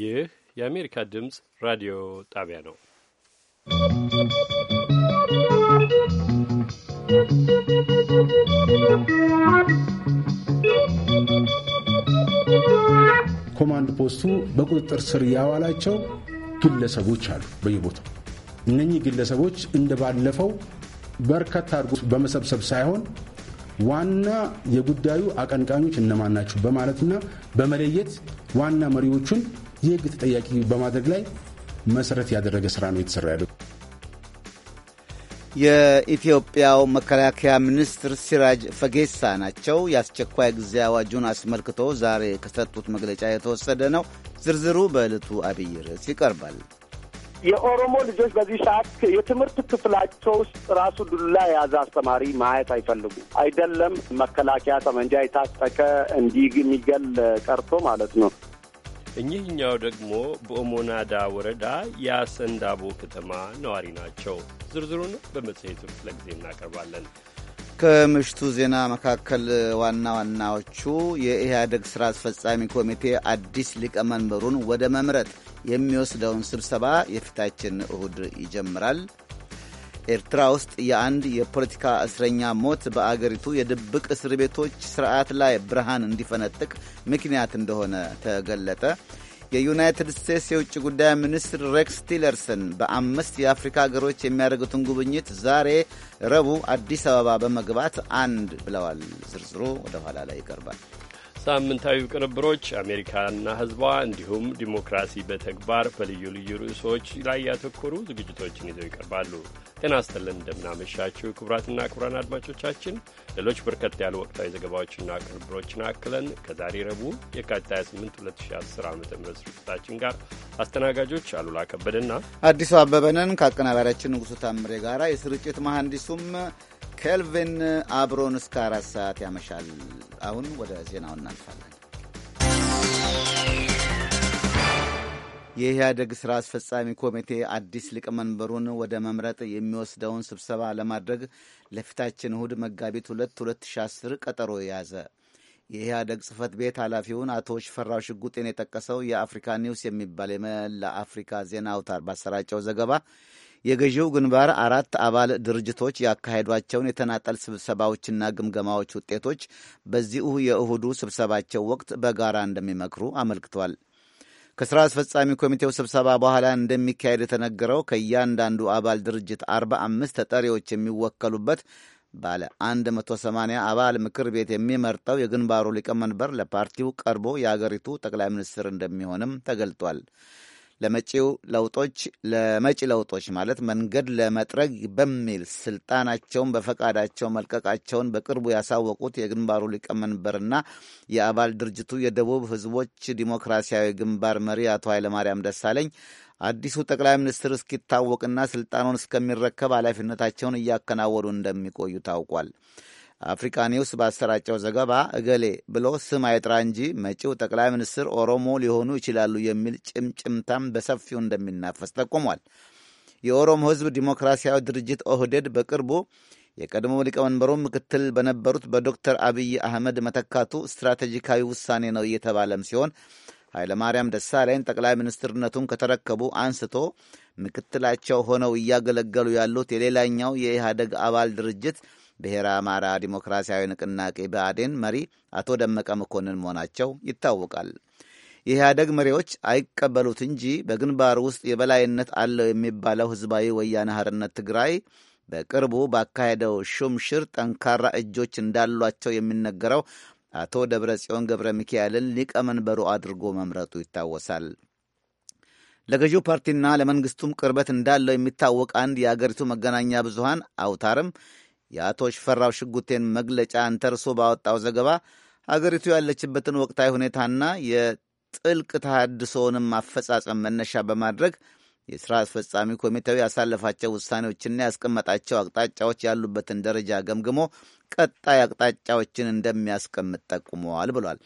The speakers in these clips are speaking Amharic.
ይህ የአሜሪካ ድምፅ ራዲዮ ጣቢያ ነው። ኮማንድ ፖስቱ በቁጥጥር ስር ያዋላቸው ግለሰቦች አሉ በየቦታው። እነኚህ ግለሰቦች እንደባለፈው በርከት አድርጎ በመሰብሰብ ሳይሆን ዋና የጉዳዩ አቀንቃኞች እነማን ናቸው በማለትና በመለየት ዋና መሪዎቹን የህግ ተጠያቂ በማድረግ ላይ መሰረት ያደረገ ስራ ነው የተሰራ ያለው። የኢትዮጵያው መከላከያ ሚኒስትር ሲራጅ ፈጌሳ ናቸው። የአስቸኳይ ጊዜ አዋጁን አስመልክቶ ዛሬ ከሰጡት መግለጫ የተወሰደ ነው። ዝርዝሩ በዕለቱ አብይ ርዕስ ይቀርባል። የኦሮሞ ልጆች በዚህ ሰዓት የትምህርት ክፍላቸው ውስጥ ራሱ ዱላ የያዘ አስተማሪ ማየት አይፈልጉም። አይደለም መከላከያ ጠመንጃ የታጠቀ እንዲህ የሚገል ቀርቶ ማለት ነው። እኚህኛው ደግሞ በኦሞናዳ ወረዳ የአሰንዳቦ ከተማ ነዋሪ ናቸው። ዝርዝሩን በመጽሔቱ ክፍለ ጊዜ እናቀርባለን። ከምሽቱ ዜና መካከል ዋና ዋናዎቹ የኢህአደግ ሥራ አስፈጻሚ ኮሚቴ አዲስ ሊቀመንበሩን ወደ መምረጥ የሚወስደውን ስብሰባ የፊታችን እሁድ ይጀምራል። ኤርትራ ውስጥ የአንድ የፖለቲካ እስረኛ ሞት በአገሪቱ የድብቅ እስር ቤቶች ስርዓት ላይ ብርሃን እንዲፈነጥቅ ምክንያት እንደሆነ ተገለጠ። የዩናይትድ ስቴትስ የውጭ ጉዳይ ሚኒስትር ሬክስ ቲለርሰን በአምስት የአፍሪካ ሀገሮች የሚያደርጉትን ጉብኝት ዛሬ ረቡዕ አዲስ አበባ በመግባት አንድ ብለዋል። ዝርዝሩ ወደ ኋላ ላይ ይቀርባል። ሳምንታዊ ቅንብሮች አሜሪካና ሕዝቧ እንዲሁም ዲሞክራሲ በተግባር በልዩ ልዩ ርዕሶች ላይ ያተኮሩ ዝግጅቶችን ይዘው ይቀርባሉ። ጤና ይስጥልን፣ እንደምናመሻችሁ ክቡራትና ክቡራን አድማጮቻችን። ሌሎች በርከት ያሉ ወቅታዊ ዘገባዎችና ቅንብሮችን አክለን ከዛሬ ረቡዕ የካቲት 28 2010 ዓ ም ስርጭታችን ጋር አስተናጋጆች አሉላ ከበደና አዲሱ አበበንን ከአቀናባሪያችን ንጉሱ ታምሬ ጋራ የስርጭት መሐንዲሱም ኬልቪን አብሮን እስከ አራት ሰዓት ያመሻል። አሁን ወደ ዜናው እናልፋለን። የኢህአደግ ሥራ አስፈጻሚ ኮሚቴ አዲስ ሊቀመንበሩን ወደ መምረጥ የሚወስደውን ስብሰባ ለማድረግ ለፊታችን እሁድ መጋቢት 2 2010 ቀጠሮ የያዘ የኢህአደግ ጽህፈት ቤት ኃላፊውን አቶ ሽፈራው ሽጉጤን የጠቀሰው የአፍሪካ ኒውስ የሚባል የመላ አፍሪካ ዜና አውታር ባሰራጨው ዘገባ የገዢው ግንባር አራት አባል ድርጅቶች ያካሄዷቸውን የተናጠል ስብሰባዎችና ግምገማዎች ውጤቶች በዚሁ የእሁዱ ስብሰባቸው ወቅት በጋራ እንደሚመክሩ አመልክቷል። ከሥራ አስፈጻሚ ኮሚቴው ስብሰባ በኋላ እንደሚካሄድ የተነገረው ከእያንዳንዱ አባል ድርጅት 45 ተጠሪዎች የሚወከሉበት ባለ 180 አባል ምክር ቤት የሚመርጠው የግንባሩ ሊቀመንበር ለፓርቲው ቀርቦ የአገሪቱ ጠቅላይ ሚኒስትር እንደሚሆንም ተገልጧል። ለመጪው ለውጦች ለመጪ ለውጦች ማለት መንገድ ለመጥረግ በሚል ስልጣናቸውን በፈቃዳቸው መልቀቃቸውን በቅርቡ ያሳወቁት የግንባሩ ሊቀመንበርና የአባል ድርጅቱ የደቡብ ህዝቦች ዲሞክራሲያዊ ግንባር መሪ አቶ ኃይለማርያም ደሳለኝ አዲሱ ጠቅላይ ሚኒስትር እስኪታወቅና ስልጣኑን እስከሚረከብ ኃላፊነታቸውን እያከናወኑ እንደሚቆዩ ታውቋል። አፍሪካ ኒውስ ባሰራጨው ዘገባ እገሌ ብሎ ስም አይጥራ እንጂ መጪው ጠቅላይ ሚኒስትር ኦሮሞ ሊሆኑ ይችላሉ የሚል ጭምጭምታም በሰፊው እንደሚናፈስ ጠቁሟል። የኦሮሞ ሕዝብ ዲሞክራሲያዊ ድርጅት ኦህዴድ በቅርቡ የቀድሞ ሊቀመንበሩ ምክትል በነበሩት በዶክተር አብይ አህመድ መተካቱ ስትራቴጂካዊ ውሳኔ ነው እየተባለም ሲሆን ኃይለማርያም ደሳለኝ ጠቅላይ ሚኒስትርነቱን ከተረከቡ አንስቶ ምክትላቸው ሆነው እያገለገሉ ያሉት የሌላኛው የኢህአደግ አባል ድርጅት ብሔረ አማራ ዲሞክራሲያዊ ንቅናቄ ብአዴን መሪ አቶ ደመቀ መኮንን መሆናቸው ይታወቃል። የኢህአደግ መሪዎች አይቀበሉት እንጂ በግንባር ውስጥ የበላይነት አለው የሚባለው ህዝባዊ ወያነ ሓርነት ትግራይ በቅርቡ ባካሄደው ሹምሽር ጠንካራ እጆች እንዳሏቸው የሚነገረው አቶ ደብረ ጽዮን ገብረ ሚካኤልን ሊቀመንበሩ አድርጎ መምረጡ ይታወሳል። ለገዢው ፓርቲና ለመንግስቱም ቅርበት እንዳለው የሚታወቅ አንድ የአገሪቱ መገናኛ ብዙሃን አውታርም የአቶ ሽፈራው ሽጉቴን መግለጫ እንተርሶ ባወጣው ዘገባ አገሪቱ ያለችበትን ወቅታዊ ሁኔታና የጥልቅ ተሃድሶውንም አፈጻጸም መነሻ በማድረግ የሥራ አስፈጻሚ ኮሚቴው ያሳለፋቸው ውሳኔዎችና ያስቀመጣቸው አቅጣጫዎች ያሉበትን ደረጃ ገምግሞ ቀጣይ አቅጣጫዎችን እንደሚያስቀምጥ ጠቁመዋል ብሏል።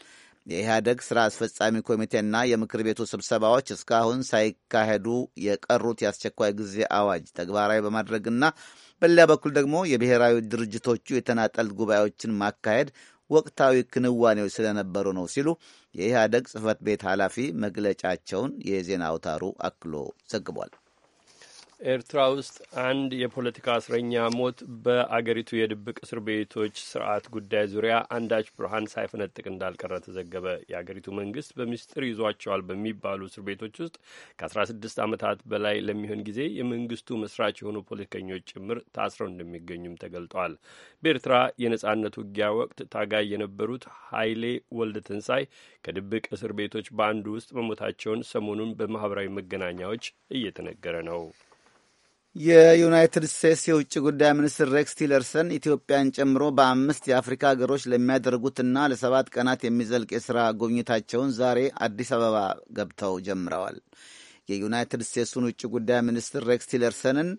የኢህአደግ ሥራ አስፈጻሚ ኮሚቴና የምክር ቤቱ ስብሰባዎች እስካሁን ሳይካሄዱ የቀሩት የአስቸኳይ ጊዜ አዋጅ ተግባራዊ በማድረግና በሌላ በኩል ደግሞ የብሔራዊ ድርጅቶቹ የተናጠል ጉባኤዎችን ማካሄድ ወቅታዊ ክንዋኔዎች ስለነበሩ ነው ሲሉ የኢህአደግ ጽህፈት ቤት ኃላፊ መግለጫቸውን የዜና አውታሩ አክሎ ዘግቧል። ኤርትራ ውስጥ አንድ የፖለቲካ እስረኛ ሞት በአገሪቱ የድብቅ እስር ቤቶች ስርዓት ጉዳይ ዙሪያ አንዳች ብርሃን ሳይፈነጥቅ እንዳልቀረ ተዘገበ። የአገሪቱ መንግስት በምስጢር ይዟቸዋል በሚባሉ እስር ቤቶች ውስጥ ከ16 ዓመታት በላይ ለሚሆን ጊዜ የመንግስቱ መስራች የሆኑ ፖለቲከኞች ጭምር ታስረው እንደሚገኙም ተገልጧል። በኤርትራ የነጻነት ውጊያ ወቅት ታጋይ የነበሩት ኃይሌ ወልደ ትንሳይ ከድብቅ እስር ቤቶች በአንዱ ውስጥ መሞታቸውን ሰሞኑን በማህበራዊ መገናኛዎች እየተነገረ ነው። የዩናይትድ ስቴትስ የውጭ ጉዳይ ሚኒስትር ሬክስ ቲለርሰን ኢትዮጵያን ጨምሮ በአምስት የአፍሪካ ሀገሮች ለሚያደርጉትና ለሰባት ቀናት የሚዘልቅ የሥራ ጉብኝታቸውን ዛሬ አዲስ አበባ ገብተው ጀምረዋል። የዩናይትድ ስቴትሱን ውጭ ጉዳይ ሚኒስትር ሬክስ ቲለርሰንን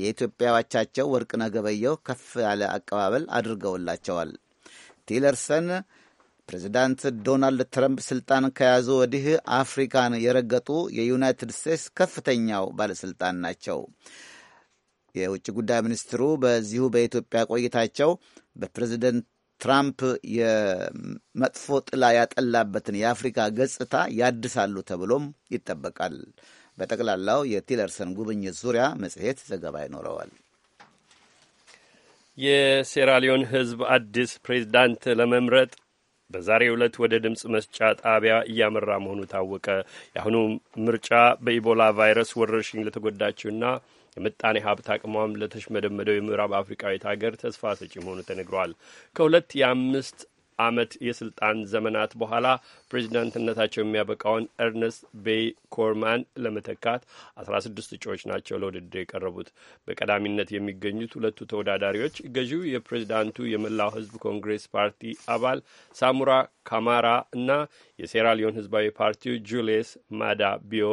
የኢትዮጵያ አቻቸው ወርቅነህ ገበየሁ ከፍ ያለ አቀባበል አድርገውላቸዋል። ቲለርሰን ፕሬዚዳንት ዶናልድ ትራምፕ ስልጣን ከያዙ ወዲህ አፍሪካን የረገጡ የዩናይትድ ስቴትስ ከፍተኛው ባለሥልጣን ናቸው። የውጭ ጉዳይ ሚኒስትሩ በዚሁ በኢትዮጵያ ቆይታቸው በፕሬዚደንት ትራምፕ የመጥፎ ጥላ ያጠላበትን የአፍሪካ ገጽታ ያድሳሉ ተብሎም ይጠበቃል። በጠቅላላው የቲለርሰን ጉብኝት ዙሪያ መጽሔት ዘገባ ይኖረዋል። የሴራሊዮን ሕዝብ አዲስ ፕሬዚዳንት ለመምረጥ በዛሬ ዕለት ወደ ድምፅ መስጫ ጣቢያ እያመራ መሆኑ ታወቀ። የአሁኑ ምርጫ በኢቦላ ቫይረስ ወረርሽኝ ለተጎዳችውና የምጣኔ ሀብት አቅሟም ለተሽመደመደው የምዕራብ አፍሪካዊት ሀገር ተስፋ ሰጪ መሆኑ ተነግሯል። ከሁለት የአምስት ዓመት የስልጣን ዘመናት በኋላ ፕሬዚዳንትነታቸው የሚያበቃውን ኤርነስት ቤይ ኮርማን ለመተካት አስራ ስድስት እጩዎች ናቸው ለውድድር የቀረቡት። በቀዳሚነት የሚገኙት ሁለቱ ተወዳዳሪዎች ገዢው የፕሬዚዳንቱ የመላው ሕዝብ ኮንግሬስ ፓርቲ አባል ሳሙራ ካማራ እና የሴራሊዮን ሕዝባዊ ፓርቲው ጁልየስ ማዳ ቢዮ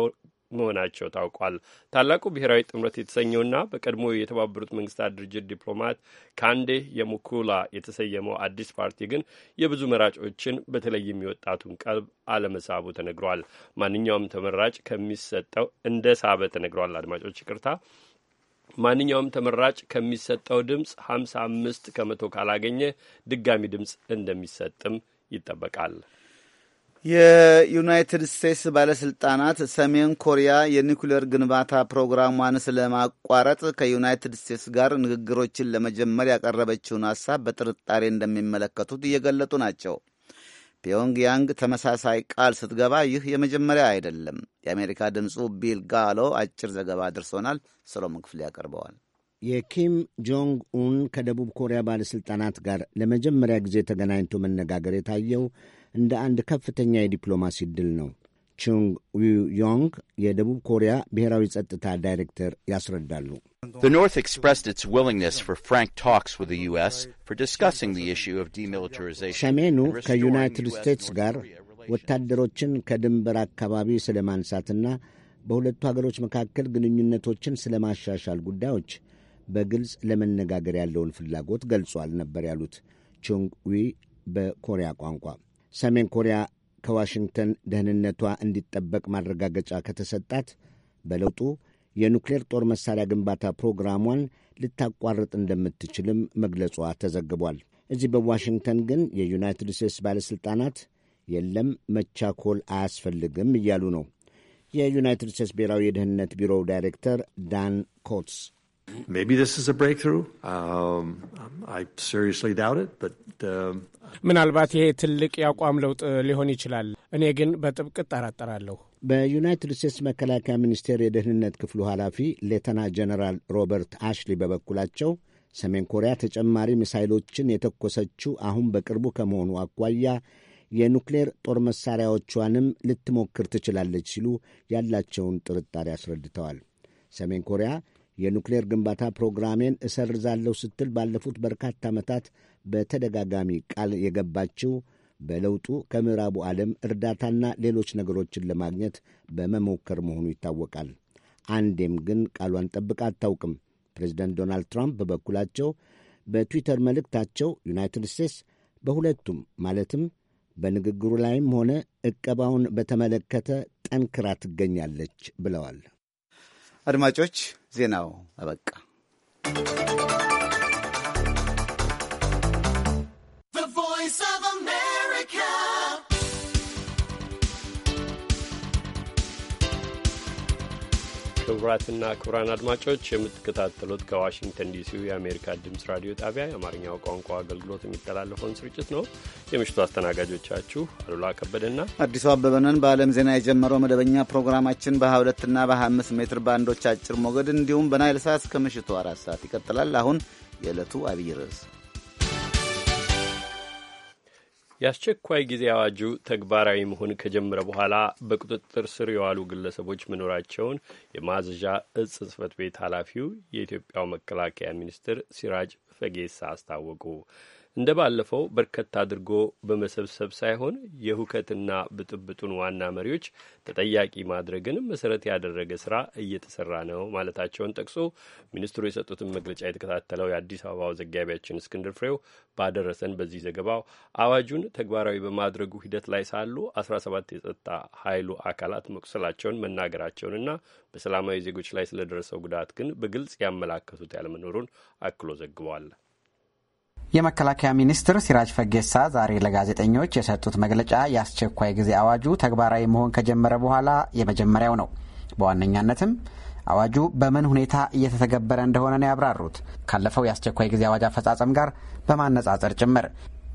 መሆናቸው ታውቋል። ታላቁ ብሔራዊ ጥምረት የተሰኘውና በቀድሞ የተባበሩት መንግስታት ድርጅት ዲፕሎማት ካንዴ የሙኩላ የተሰየመው አዲስ ፓርቲ ግን የብዙ መራጮችን በተለይም የወጣቱን ቀልብ አለመሳቡ ተነግሯል። ማንኛውም ተመራጭ ከሚሰጠው እንደ ሳበ ተነግሯል። አድማጮች ይቅርታ። ማንኛውም ተመራጭ ከሚሰጠው ድምፅ ሀምሳ አምስት ከመቶ ካላገኘ ድጋሚ ድምፅ እንደሚሰጥም ይጠበቃል። የዩናይትድ ስቴትስ ባለስልጣናት ሰሜን ኮሪያ የኒኩሌር ግንባታ ፕሮግራሟን ስለማቋረጥ ከዩናይትድ ስቴትስ ጋር ንግግሮችን ለመጀመር ያቀረበችውን ሀሳብ በጥርጣሬ እንደሚመለከቱት እየገለጡ ናቸው። ፒዮንግያንግ ተመሳሳይ ቃል ስትገባ ይህ የመጀመሪያ አይደለም። የአሜሪካ ድምፁ ቢል ጋሎ አጭር ዘገባ ደርሶናል። ሰሎሞን ክፍሌ ያቀርበዋል። የኪም ጆንግ ኡን ከደቡብ ኮሪያ ባለሥልጣናት ጋር ለመጀመሪያ ጊዜ ተገናኝቶ መነጋገር የታየው እንደ አንድ ከፍተኛ የዲፕሎማሲ ድል ነው። ቹንግ ዊ ዮንግ የደቡብ ኮሪያ ብሔራዊ ጸጥታ ዳይሬክተር ያስረዳሉ። ሰሜኑ ከዩናይትድ ስቴትስ ጋር ወታደሮችን ከድንበር አካባቢ ስለ ማንሳትና በሁለቱ አገሮች መካከል ግንኙነቶችን ስለ ማሻሻል ጉዳዮች በግልጽ ለመነጋገር ያለውን ፍላጎት ገልጿል ነበር ያሉት ቹንግ ዊ በኮሪያ ቋንቋ ሰሜን ኮሪያ ከዋሽንግተን ደህንነቷ እንዲጠበቅ ማረጋገጫ ከተሰጣት በለውጡ የኑክሌር ጦር መሳሪያ ግንባታ ፕሮግራሟን ልታቋርጥ እንደምትችልም መግለጿ ተዘግቧል። እዚህ በዋሽንግተን ግን የዩናይትድ ስቴትስ ባለሥልጣናት የለም መቻኮል አያስፈልግም እያሉ ነው። የዩናይትድ ስቴትስ ብሔራዊ የደህንነት ቢሮው ዳይሬክተር ዳን ኮትስ ምናልባት ይሄ ትልቅ የአቋም ለውጥ uh, ሊሆን ይችላል። እኔ ግን በጥብቅ እጠራጠራለሁ። በዩናይትድ ስቴትስ መከላከያ ሚኒስቴር የደህንነት ክፍሉ ኃላፊ ሌተና ጀነራል ሮበርት አሽሊ በበኩላቸው ሰሜን ኮሪያ ተጨማሪ ሚሳይሎችን የተኮሰችው አሁን በቅርቡ ከመሆኑ አኳያ የኑክሌር ጦር መሣሪያዎቿንም ልትሞክር ትችላለች ሲሉ ያላቸውን ጥርጣሬ አስረድተዋል። ሰሜን ኮሪያ የኑክሌር ግንባታ ፕሮግራሜን እሰርዛለሁ ስትል ባለፉት በርካታ ዓመታት በተደጋጋሚ ቃል የገባችው በለውጡ ከምዕራቡ ዓለም እርዳታና ሌሎች ነገሮችን ለማግኘት በመሞከር መሆኑ ይታወቃል። አንዴም ግን ቃሏን ጠብቃ አታውቅም። ፕሬዚደንት ዶናልድ ትራምፕ በበኩላቸው በትዊተር መልእክታቸው ዩናይትድ ስቴትስ በሁለቱም ማለትም በንግግሩ ላይም ሆነ ዕቀባውን በተመለከተ ጠንክራ ትገኛለች ብለዋል። አድማጮች ዜናው አበቃ። ክቡራትና ክቡራን አድማጮች የምትከታተሉት ከዋሽንግተን ዲሲው የአሜሪካ ድምፅ ራዲዮ ጣቢያ የአማርኛው ቋንቋ አገልግሎት የሚተላለፈውን ስርጭት ነው። የምሽቱ አስተናጋጆቻችሁ አሉላ ከበደና አዲሱ አበበነን። በዓለም ዜና የጀመረው መደበኛ ፕሮግራማችን በ22ና በ25 ሜትር ባንዶች አጭር ሞገድ እንዲሁም በናይል ሰዓት ከምሽቱ አራት ሰዓት ይቀጥላል። አሁን የዕለቱ አብይ ርዕስ የአስቸኳይ ጊዜ አዋጁ ተግባራዊ መሆን ከጀመረ በኋላ በቁጥጥር ስር የዋሉ ግለሰቦች መኖራቸውን የማዘዣ እጽ ጽህፈት ቤት ኃላፊው የኢትዮጵያው መከላከያ ሚኒስትር ሲራጅ ፈጌሳ አስታወቁ። እንደ ባለፈው በርከት አድርጎ በመሰብሰብ ሳይሆን የሁከትና ብጥብጡን ዋና መሪዎች ተጠያቂ ማድረግን መሰረት ያደረገ ስራ እየተሰራ ነው ማለታቸውን ጠቅሶ ሚኒስትሩ የሰጡትን መግለጫ የተከታተለው የአዲስ አበባው ዘጋቢያችን እስክንድር ፍሬው ባደረሰን በዚህ ዘገባው አዋጁን ተግባራዊ በማድረጉ ሂደት ላይ ሳሉ 17 የጸጥታ ኃይሉ አካላት መቁሰላቸውን መናገራቸውንና በሰላማዊ ዜጎች ላይ ስለደረሰው ጉዳት ግን በግልጽ ያመላከቱት ያለመኖሩን አክሎ ዘግቧል። የመከላከያ ሚኒስትር ሲራጅ ፈጌሳ ዛሬ ለጋዜጠኞች የሰጡት መግለጫ የአስቸኳይ ጊዜ አዋጁ ተግባራዊ መሆን ከጀመረ በኋላ የመጀመሪያው ነው። በዋነኛነትም አዋጁ በምን ሁኔታ እየተተገበረ እንደሆነ ነው ያብራሩት። ካለፈው የአስቸኳይ ጊዜ አዋጅ አፈጻጸም ጋር በማነጻጸር ጭምር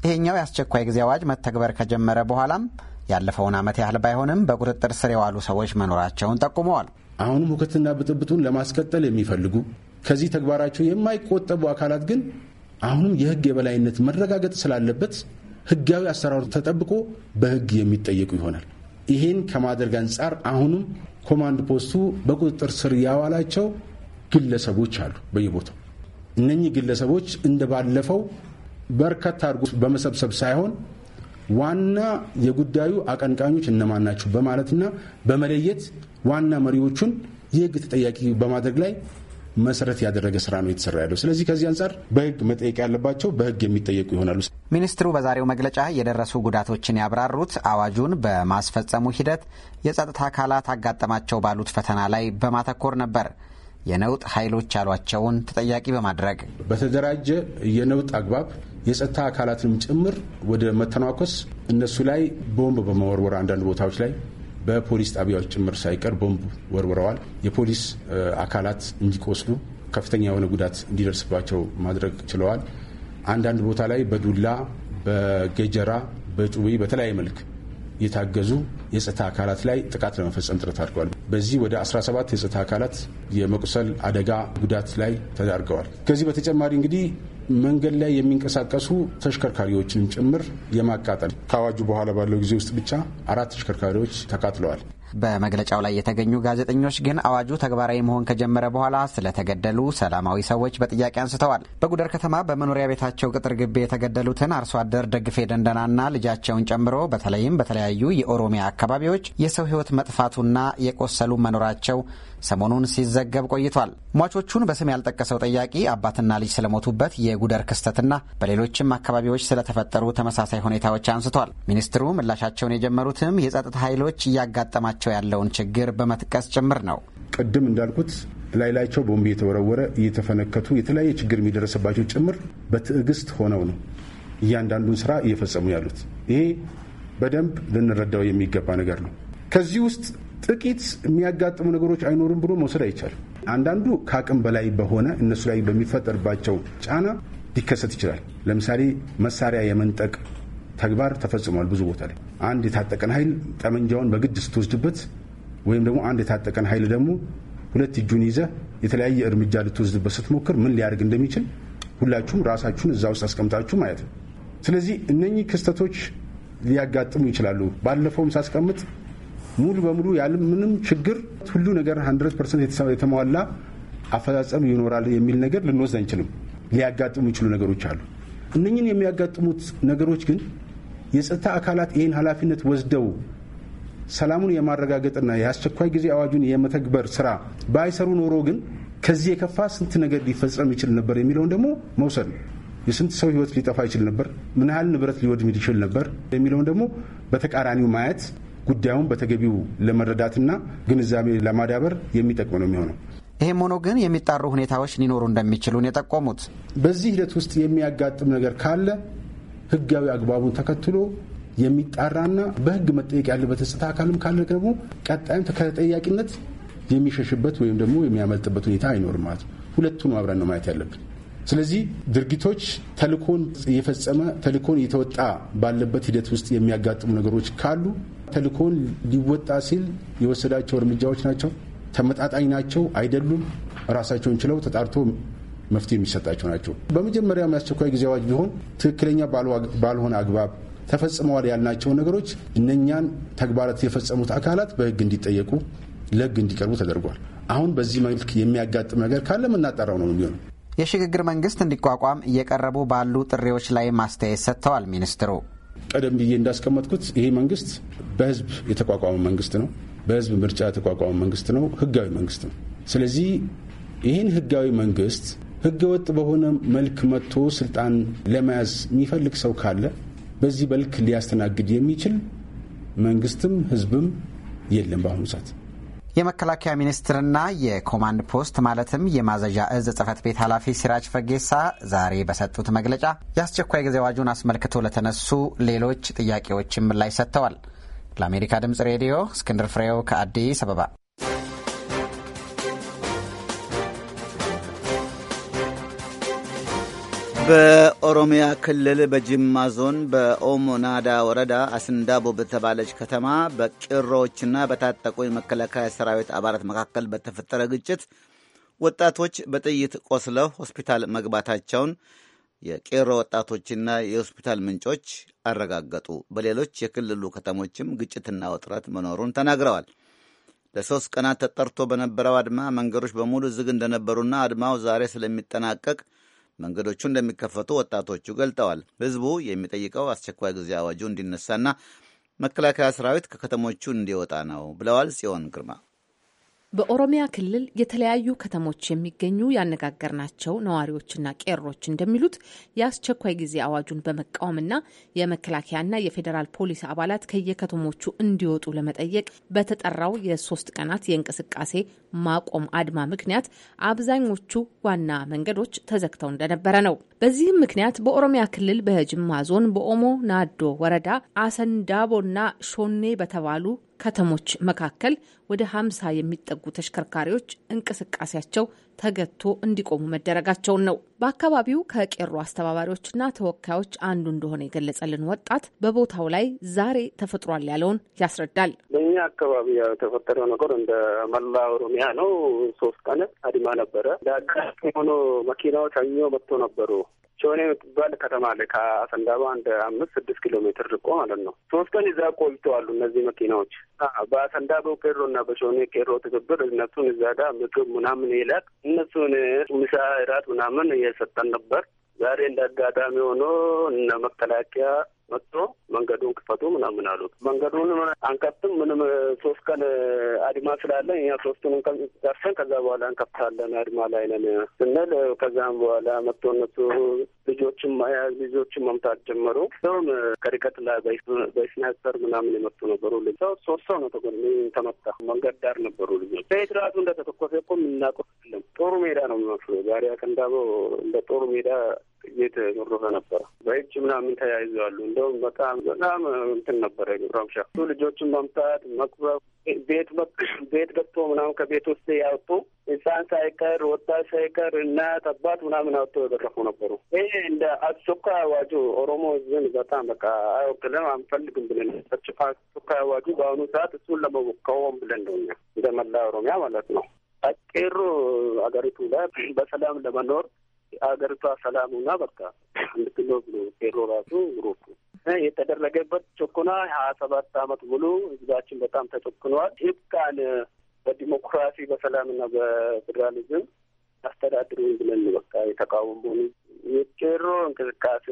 ይሄኛው የአስቸኳይ ጊዜ አዋጅ መተግበር ከጀመረ በኋላም ያለፈውን ዓመት ያህል ባይሆንም በቁጥጥር ስር የዋሉ ሰዎች መኖራቸውን ጠቁመዋል። አሁንም ሁከትና ብጥብጡን ለማስቀጠል የሚፈልጉ ከዚህ ተግባራቸው የማይቆጠቡ አካላት ግን አሁንም የህግ የበላይነት መረጋገጥ ስላለበት ህጋዊ አሰራሩ ተጠብቆ በህግ የሚጠየቁ ይሆናል። ይህን ከማድረግ አንጻር አሁንም ኮማንድ ፖስቱ በቁጥጥር ስር ያዋላቸው ግለሰቦች አሉ በየቦታው። እነኚህ ግለሰቦች እንደ ባለፈው በርካታ አድርጎ በመሰብሰብ ሳይሆን ዋና የጉዳዩ አቀንቃኞች እነማን ናቸው በማለትና በመለየት ዋና መሪዎቹን የህግ ተጠያቂ በማድረግ ላይ መሰረት ያደረገ ስራ ነው የተሰራ ያለው። ስለዚህ ከዚህ አንጻር በህግ መጠየቅ ያለባቸው በህግ የሚጠየቁ ይሆናሉ። ሚኒስትሩ በዛሬው መግለጫ የደረሱ ጉዳቶችን ያብራሩት አዋጁን በማስፈጸሙ ሂደት የጸጥታ አካላት አጋጠማቸው ባሉት ፈተና ላይ በማተኮር ነበር። የነውጥ ኃይሎች ያሏቸውን ተጠያቂ በማድረግ በተደራጀ የነውጥ አግባብ የጸጥታ አካላትንም ጭምር ወደ መተናኮስ እነሱ ላይ ቦምብ በመወርወር አንዳንድ ቦታዎች ላይ በፖሊስ ጣቢያዎች ጭምር ሳይቀር ቦምብ ወርውረዋል። የፖሊስ አካላት እንዲቆስሉ ከፍተኛ የሆነ ጉዳት እንዲደርስባቸው ማድረግ ችለዋል። አንዳንድ ቦታ ላይ በዱላ በገጀራ በጩቤ በተለያየ መልክ የታገዙ የጸጥታ አካላት ላይ ጥቃት ለመፈጸም ጥረት አድርገዋል። በዚህ ወደ 17 የጸጥታ አካላት የመቁሰል አደጋ ጉዳት ላይ ተዳርገዋል። ከዚህ በተጨማሪ እንግዲህ መንገድ ላይ የሚንቀሳቀሱ ተሽከርካሪዎችንም ጭምር የማቃጠል ከአዋጁ በኋላ ባለው ጊዜ ውስጥ ብቻ አራት ተሽከርካሪዎች ተቃጥለዋል። በመግለጫው ላይ የተገኙ ጋዜጠኞች ግን አዋጁ ተግባራዊ መሆን ከጀመረ በኋላ ስለተገደሉ ሰላማዊ ሰዎች በጥያቄ አንስተዋል። በጉደር ከተማ በመኖሪያ ቤታቸው ቅጥር ግቢ የተገደሉትን አርሶ አደር ደግፌ ደንደናና ልጃቸውን ጨምሮ በተለይም በተለያዩ የኦሮሚያ አካባቢዎች የሰው ሕይወት መጥፋቱና የቆሰሉ መኖራቸው ሰሞኑን ሲዘገብ ቆይቷል። ሟቾቹን በስም ያልጠቀሰው ጠያቂ አባትና ልጅ ስለሞቱበት የጉደር ክስተትና በሌሎችም አካባቢዎች ስለተፈጠሩ ተመሳሳይ ሁኔታዎች አንስቷል። ሚኒስትሩ ምላሻቸውን የጀመሩትም የጸጥታ ኃይሎች እያጋጠማቸው በውስጣቸው ያለውን ችግር በመጥቀስ ጭምር ነው። ቅድም እንዳልኩት ላይ ላይቸው ቦምብ እየተወረወረ እየተፈነከቱ የተለያየ ችግር የሚደረስባቸው ጭምር በትዕግስት ሆነው ነው እያንዳንዱን ስራ እየፈጸሙ ያሉት። ይሄ በደንብ ልንረዳው የሚገባ ነገር ነው። ከዚህ ውስጥ ጥቂት የሚያጋጥሙ ነገሮች አይኖሩም ብሎ መውሰድ አይቻልም። አንዳንዱ ከአቅም በላይ በሆነ እነሱ ላይ በሚፈጠርባቸው ጫና ሊከሰት ይችላል። ለምሳሌ መሳሪያ የመንጠቅ ተግባር ተፈጽሟል። ብዙ ቦታ ላይ አንድ የታጠቀን ኃይል ጠመንጃውን በግድ ስትወስድበት ወይም ደግሞ አንድ የታጠቀን ኃይል ደግሞ ሁለት እጁን ይዘ የተለያየ እርምጃ ልትወስድበት ስትሞክር ምን ሊያደርግ እንደሚችል ሁላችሁም ራሳችሁን እዛ ውስጥ አስቀምጣችሁ ማለት ነው። ስለዚህ እነኚህ ክስተቶች ሊያጋጥሙ ይችላሉ። ባለፈውም ሳስቀምጥ ሙሉ በሙሉ ያለ ምንም ችግር ሁሉ ነገር 100 ፐርሰንት የተሟላ አፈጻጸም ይኖራል የሚል ነገር ልንወስድ አንችልም። ሊያጋጥሙ ይችሉ ነገሮች አሉ። እነኚህን የሚያጋጥሙት ነገሮች ግን የጸጥታ አካላት ይህን ኃላፊነት ወስደው ሰላሙን የማረጋገጥና የአስቸኳይ ጊዜ አዋጁን የመተግበር ስራ ባይሰሩ ኖሮ ግን ከዚህ የከፋ ስንት ነገር ሊፈጸም ይችል ነበር የሚለውን ደግሞ መውሰድ ነው። የስንት ሰው ህይወት ሊጠፋ ይችል ነበር፣ ምን ያህል ንብረት ሊወድም ይችል ነበር የሚለውን ደግሞ በተቃራኒው ማየት ጉዳዩን በተገቢው ለመረዳትና ግንዛቤ ለማዳበር የሚጠቅም ነው የሚሆነው። ይህም ሆኖ ግን የሚጣሩ ሁኔታዎች ሊኖሩ እንደሚችሉን የጠቆሙት በዚህ ሂደት ውስጥ የሚያጋጥም ነገር ካለ ህጋዊ አግባቡን ተከትሎ የሚጣራና በህግ መጠየቅ ያለበት ስታ አካልም ካለ ደግሞ ቀጣይም ከተጠያቂነት የሚሸሽበት ወይም ደግሞ የሚያመልጥበት ሁኔታ አይኖርም ማለት ነው። ሁለቱን አብረን ነው ማየት ያለብን። ስለዚህ ድርጊቶች ተልኮን እየፈጸመ ተልኮን እየተወጣ ባለበት ሂደት ውስጥ የሚያጋጥሙ ነገሮች ካሉ ተልኮን ሊወጣ ሲል የወሰዳቸው እርምጃዎች ናቸው ተመጣጣኝ ናቸው አይደሉም ራሳቸውን ችለው ተጣርቶ መፍትሄ የሚሰጣቸው ናቸው። በመጀመሪያ የአስቸኳይ ጊዜ አዋጅ ቢሆን ትክክለኛ ባልሆነ አግባብ ተፈጽመዋል ያልናቸው ነገሮች እነኛን ተግባራት የፈጸሙት አካላት በህግ እንዲጠየቁ ለህግ እንዲቀርቡ ተደርጓል። አሁን በዚህ መልክ የሚያጋጥም ነገር ካለ የምናጠራው ነው የሚሆነው። የሽግግር መንግስት እንዲቋቋም እየቀረቡ ባሉ ጥሪዎች ላይ ማስተያየት ሰጥተዋል ሚኒስትሩ። ቀደም ብዬ እንዳስቀመጥኩት ይሄ መንግስት በህዝብ የተቋቋመ መንግስት ነው። በህዝብ ምርጫ የተቋቋመ መንግስት ነው። ህጋዊ መንግስት ነው። ስለዚህ ይህን ህጋዊ መንግስት ህገወጥ በሆነ መልክ መጥቶ ስልጣን ለመያዝ የሚፈልግ ሰው ካለ በዚህ መልክ ሊያስተናግድ የሚችል መንግስትም ህዝብም የለም በአሁኑ ሰዓት። የመከላከያ ሚኒስትርና የኮማንድ ፖስት ማለትም የማዘዣ እዝ ጽህፈት ቤት ኃላፊ ሲራጅ ፈጌሳ ዛሬ በሰጡት መግለጫ የአስቸኳይ ጊዜ አዋጁን አስመልክቶ ለተነሱ ሌሎች ጥያቄዎችም ምላሽ ሰጥተዋል። ለአሜሪካ ድምጽ ሬዲዮ እስክንድር ፍሬው ከአዲስ አበባ በኦሮሚያ ክልል በጅማ ዞን በኦሞናዳ ወረዳ አስንዳቦ በተባለች ከተማ በቄሮዎችና በታጠቁ የመከላከያ ሰራዊት አባላት መካከል በተፈጠረ ግጭት ወጣቶች በጥይት ቆስለው ሆስፒታል መግባታቸውን የቄሮ ወጣቶችና የሆስፒታል ምንጮች አረጋገጡ። በሌሎች የክልሉ ከተሞችም ግጭትና ውጥረት መኖሩን ተናግረዋል። ለሶስት ቀናት ተጠርቶ በነበረው አድማ መንገዶች በሙሉ ዝግ እንደነበሩና አድማው ዛሬ ስለሚጠናቀቅ መንገዶቹ እንደሚከፈቱ ወጣቶቹ ገልጠዋል። ህዝቡ የሚጠይቀው አስቸኳይ ጊዜ አዋጁ እንዲነሳና መከላከያ ሰራዊት ከከተሞቹ እንዲወጣ ነው ብለዋል። ጽዮን ግርማ በኦሮሚያ ክልል የተለያዩ ከተሞች የሚገኙ ያነጋገርናቸው ነዋሪዎችና ቄሮች እንደሚሉት የአስቸኳይ ጊዜ አዋጁን በመቃወምና የመከላከያና የፌዴራል ፖሊስ አባላት ከየከተሞቹ እንዲወጡ ለመጠየቅ በተጠራው የሶስት ቀናት የእንቅስቃሴ ማቆም አድማ ምክንያት አብዛኞቹ ዋና መንገዶች ተዘግተው እንደነበረ ነው። በዚህም ምክንያት በኦሮሚያ ክልል በጅማ ዞን በኦሞ ናዶ ወረዳ አሰንዳቦና ሾኔ በተባሉ ከተሞች መካከል ወደ 50 የሚጠጉ ተሽከርካሪዎች እንቅስቃሴያቸው ተገቶ እንዲቆሙ መደረጋቸውን ነው። በአካባቢው ከቄሮ አስተባባሪዎችና ተወካዮች አንዱ እንደሆነ የገለጸልን ወጣት በቦታው ላይ ዛሬ ተፈጥሯል ያለውን ያስረዳል። በእኛ አካባቢ የተፈጠረው ነገር እንደ መላ ኦሮሚያ ነው። ሶስት ቀን አድማ ነበረ። ዳጋ መኪናዎች አኞ መጥቶ ነበሩ ሾኔ የምትባል ከተማ አለ ከአሰንዳባ አንድ አምስት ስድስት ኪሎ ሜትር ርቆ ማለት ነው። ሶስት ቀን እዛ ቆይተዋሉ እነዚህ መኪናዎች በአሰንዳባው ቄሮ እና በሾኔ ቄሮ ትብብር እነሱን እዛ ጋር ምግብ ምናምን ይላል እነሱን ምሳ፣ እራት ምናምን እየሰጠን ነበር። ዛሬ እንደ አጋጣሚ ሆኖ እነ መከላከያ መጥቶ መንገዱን ክፈቱ ምናምን አሉት። መንገዱን አንከፍትም ምንም ሶስት ቀን አድማ ስላለን እኛ ሶስቱን ደርሰን ከዛ በኋላ እንከፍታለን አድማ ላይ ነን ስንል ከዛም በኋላ መጥቶ እነሱ ልጆችም መያዝ ልጆችን መምታት ጀመሩ። ሰውም ከርቀት ላይ በስናይፐር ምናምን የመጡ ነበሩ። ሰው ሶስት ሰው ነው ተጎድ ተመታ። መንገድ ዳር ነበሩ ልጆች። ቤት ራሱ እንደተተኮሰ እኮ የምናውቀው ጦሩ ሜዳ ነው የሚመስለው ዛሬ አቀንዳበው እንደ ጦሩ ሜዳ እየተኖረፈ ነበረ። በእጅ ምናምን ተያይዘ ያሉ እንደውም በጣም በጣም እንትን ነበረ ረብሻ። ልጆችን መምታት፣ መክበብ፣ ቤት ቤት ገብቶ ምናምን ከቤት ውስጥ ያወጡ ህፃን ሳይቀር ወጣት ሳይቀር እናት አባት ምናምን አወጡ የገረፉ ነበሩ። ይህ እንደ አስቸኳይ አዋጁ ኦሮሞ ህዝብን በጣም በቃ አይወክልም አንፈልግም ብለን አስቸኳይ አዋጁ በአሁኑ ሰዓት እሱን ለመቃወም ብለን ነው እኛ እንደ መላ ኦሮሚያ ማለት ነው አቄሩ አገሪቱ ላይ በሰላም ለመኖር አገሪቷ ሰላሙና በቃ እንድትለው ብሎ ቴሮ ራሱ ግሩፕ የተደረገበት ጭቆና ሀያ ሰባት አመት ሙሉ ህዝባችን በጣም ተጨቁኗል። ህብቃን በዲሞክራሲ በሰላምና በፌዴራሊዝም አስተዳድሩን ብለን በቃ የተቃወሙን። የቄሮ እንቅስቃሴ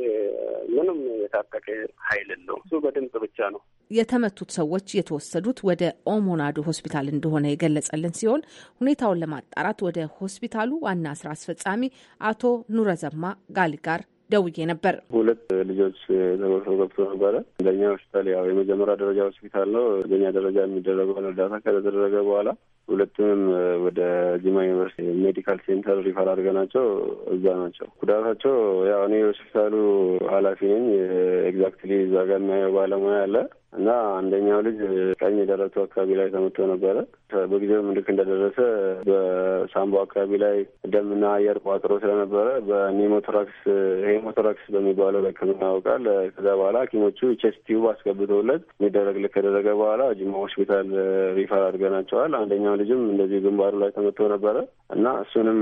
ምንም የታጠቀ ኃይል የለውም። እሱ በድምጽ ብቻ ነው። የተመቱት ሰዎች የተወሰዱት ወደ ኦሞናዶ ሆስፒታል እንደሆነ የገለጸልን ሲሆን ሁኔታውን ለማጣራት ወደ ሆስፒታሉ ዋና ስራ አስፈጻሚ አቶ ኑረዘማ ጋሊ ጋር ደውዬ ነበር። ሁለት ልጆች ተጎድተው ገብቶ ነበረ። ለእኛ ሆስፒታል ያው የመጀመሪያ ደረጃ ሆስፒታል ነው። ለእኛ ደረጃ የሚደረገውን እርዳታ ከተደረገ በኋላ ሁለቱንም ወደ ጅማ ዩኒቨርሲቲ ሜዲካል ሴንተር ሪፈር አድርገናቸው እዛ ናቸው። ጉዳታቸው ያው እኔ የሆስፒታሉ ኃላፊ ነኝ። ኤግዛክትሊ እዛ ጋር የሚያየው ባለሙያ አለ እና አንደኛው ልጅ ቀኝ ደረቱ አካባቢ ላይ ተመቶ ነበረ። በጊዜው ምልክ እንደደረሰ በሳምቦ አካባቢ ላይ ደምና አየር ቋጥሮ ስለነበረ በኒሞቶራክስ ሄሞቶራክስ በሚባለው በሕክምና ያውቃል። ከዛ በኋላ ሐኪሞቹ ቼስት ቲዩብ አስገብተውለት የሚደረግ ልክ ከደረገ በኋላ ጅማ ሆስፒታል ሪፈር አድርገናቸዋል። አንደኛው ልጅም እንደዚህ ግንባሩ ላይ ተመቶ ነበረ እና እሱንም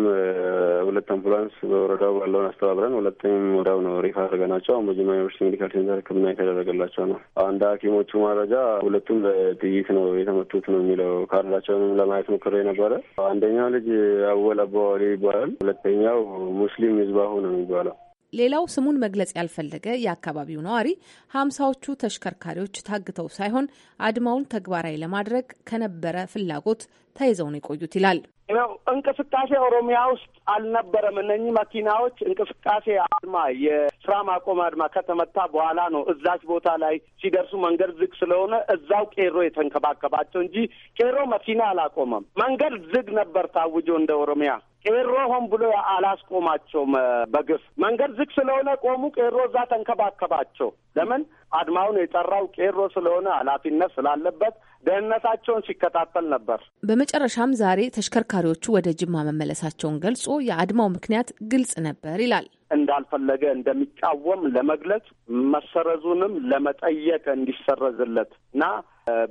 ሁለት አምቡላንስ በወረዳው ባለውን አስተባብረን ሁለተኛም ወዳው ነው ሪፈር አድርገናቸው አሁን በጅማ ዩኒቨርሲቲ ሜዲካል ሴንተር ሕክምና የተደረገላቸው ነው አንድ ሐኪሞ የሰዎቹ መረጃ ሁለቱም በጥይት ነው የተመቱት ነው የሚለው ካርዳቸውንም ለማየት ሞክሬ ነበረ። አንደኛው ልጅ አወል አባዋሌ ይባላል። ሁለተኛው ሙስሊም ህዝባሁ ነው የሚባለው። ሌላው ስሙን መግለጽ ያልፈለገ የአካባቢው ነዋሪ ሀምሳዎቹ ተሽከርካሪዎች ታግተው ሳይሆን አድማውን ተግባራዊ ለማድረግ ከነበረ ፍላጎት ተይዘው ነው የቆዩት ይላል። ያው እንቅስቃሴ ኦሮሚያ ውስጥ አልነበረም። እነኚህ መኪናዎች እንቅስቃሴ አድማ፣ የስራ ማቆም አድማ ከተመታ በኋላ ነው እዛች ቦታ ላይ ሲደርሱ መንገድ ዝግ ስለሆነ እዛው ቄሮ የተንከባከባቸው እንጂ ቄሮ መኪና አላቆመም። መንገድ ዝግ ነበር ታውጆ እንደ ኦሮሚያ ቄሮ ሆን ብሎ አላስቆማቸውም። በግፍ መንገድ ዝግ ስለሆነ ቆሙ። ቄሮ እዛ ተንከባከባቸው። ለምን አድማውን የጠራው ቄሮ ስለሆነ ኃላፊነት ስላለበት ደህንነታቸውን ሲከታተል ነበር። በመጨረሻም ዛሬ ተሽከርካሪዎቹ ወደ ጅማ መመለሳቸውን ገልጾ የአድማው ምክንያት ግልጽ ነበር ይላል። እንዳልፈለገ እንደሚቃወም ለመግለጽ መሰረዙንም ለመጠየቅ እንዲሰረዝለት እና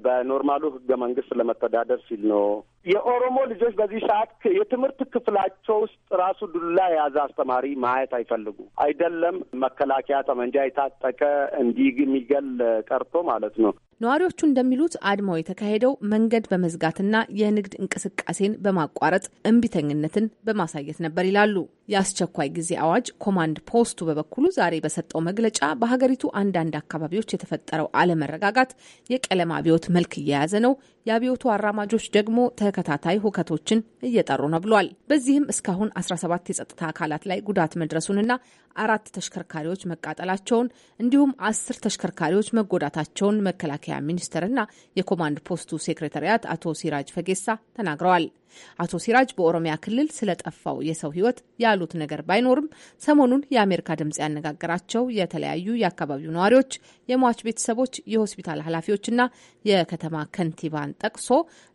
በኖርማሉ ህገ መንግስት ለመተዳደር ሲል ነው የኦሮሞ ልጆች በዚህ ሰዓት የትምህርት ክፍላቸው ውስጥ ራሱ ዱላ የያዘ አስተማሪ ማየት አይፈልጉ አይደለም መከላከያ ጠመንጃ የታጠቀ እንዲህ የሚገል ቀርቶ ማለት ነው። ነዋሪዎቹ እንደሚሉት አድማው የተካሄደው መንገድ በመዝጋትና የንግድ እንቅስቃሴን በማቋረጥ እምቢተኝነትን በማሳየት ነበር ይላሉ። የአስቸኳይ ጊዜ አዋጅ ኮማንድ ፖስቱ በበኩሉ ዛሬ በሰጠው መግለጫ በሀገሪቱ አንዳንድ አካባቢዎች የተፈጠረው አለመረጋጋት የቀለም አብዮት መልክ እየያዘ ነው፣ የአብዮቱ አራማጆች ደግሞ ተ ተከታታይ ሁከቶችን እየጠሩ ነው ብሏል። በዚህም እስካሁን 17 የጸጥታ አካላት ላይ ጉዳት መድረሱንና አራት ተሽከርካሪዎች መቃጠላቸውን እንዲሁም አስር ተሽከርካሪዎች መጎዳታቸውን መከላከያ ሚኒስቴርና የኮማንድ ፖስቱ ሴክሬታሪያት አቶ ሲራጅ ፈጌሳ ተናግረዋል። አቶ ሲራጅ በኦሮሚያ ክልል ስለጠፋው የሰው ሕይወት ያሉት ነገር ባይኖርም ሰሞኑን የአሜሪካ ድምጽ ያነጋገራቸው የተለያዩ የአካባቢው ነዋሪዎች፣ የሟች ቤተሰቦች፣ የሆስፒታል ኃላፊዎችና የከተማ ከንቲባን ጠቅሶ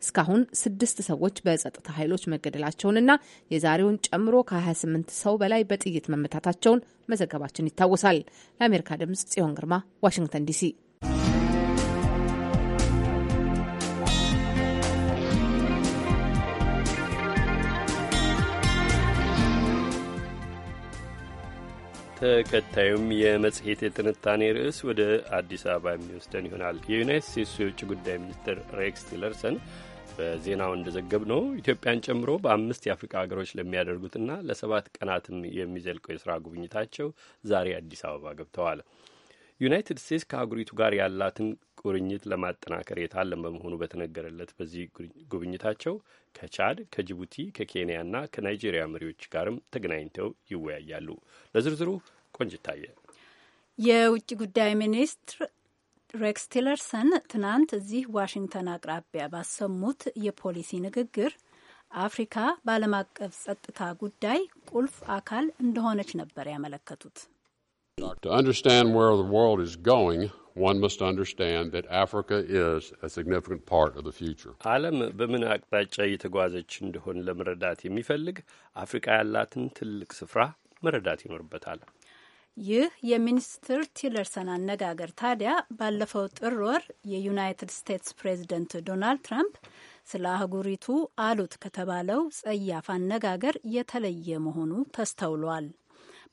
እስካሁን ስድስት ሰዎች በጸጥታ ኃይሎች መገደላቸውንና የዛሬውን ጨምሮ ከ28 ሰው በላይ በጥይት መመታታቸውን መዘገባችን ይታወሳል። ለአሜሪካ ድምጽ ጽዮን ግርማ ዋሽንግተን ዲሲ። ተከታዩም የመጽሔት የትንታኔ ርዕስ ወደ አዲስ አበባ የሚወስደን ይሆናል። የዩናይት ስቴትስ የውጭ ጉዳይ ሚኒስትር ሬክስ ቲለርሰን በዜናው እንደዘገብ ነው ኢትዮጵያን ጨምሮ በአምስት የአፍሪካ ሀገሮች ለሚያደርጉትና ለሰባት ቀናትም የሚዘልቀው የስራ ጉብኝታቸው ዛሬ አዲስ አበባ ገብተዋል። ዩናይትድ ስቴትስ ከአህጉሪቱ ጋር ያላትን ቁርኝት ለማጠናከር የታለም በመሆኑ በተነገረለት በዚህ ጉብኝታቸው ከቻድ፣ ከጅቡቲ፣ ከኬንያና ከናይጄሪያ መሪዎች ጋርም ተገናኝተው ይወያያሉ። ለዝርዝሩ ቆንጅታየ የውጭ ጉዳይ ሚኒስትር ሬክስ ቲለርሰን ትናንት እዚህ ዋሽንግተን አቅራቢያ ባሰሙት የፖሊሲ ንግግር አፍሪካ በዓለም አቀፍ ጸጥታ ጉዳይ ቁልፍ አካል እንደሆነች ነበር ያመለከቱት። ዓለም በምን አቅጣጫ እየተጓዘች እንደሆን ለመረዳት የሚፈልግ አፍሪቃ ያላትን ትልቅ ስፍራ መረዳት ይኖርበታል። ይህ የሚኒስትር ቲለርሰን አነጋገር ታዲያ ባለፈው ጥር ወር የዩናይትድ ስቴትስ ፕሬዚደንት ዶናልድ ትራምፕ ስለ አህጉሪቱ አሉት ከተባለው ጸያፍ አነጋገር የተለየ መሆኑ ተስተውሏል።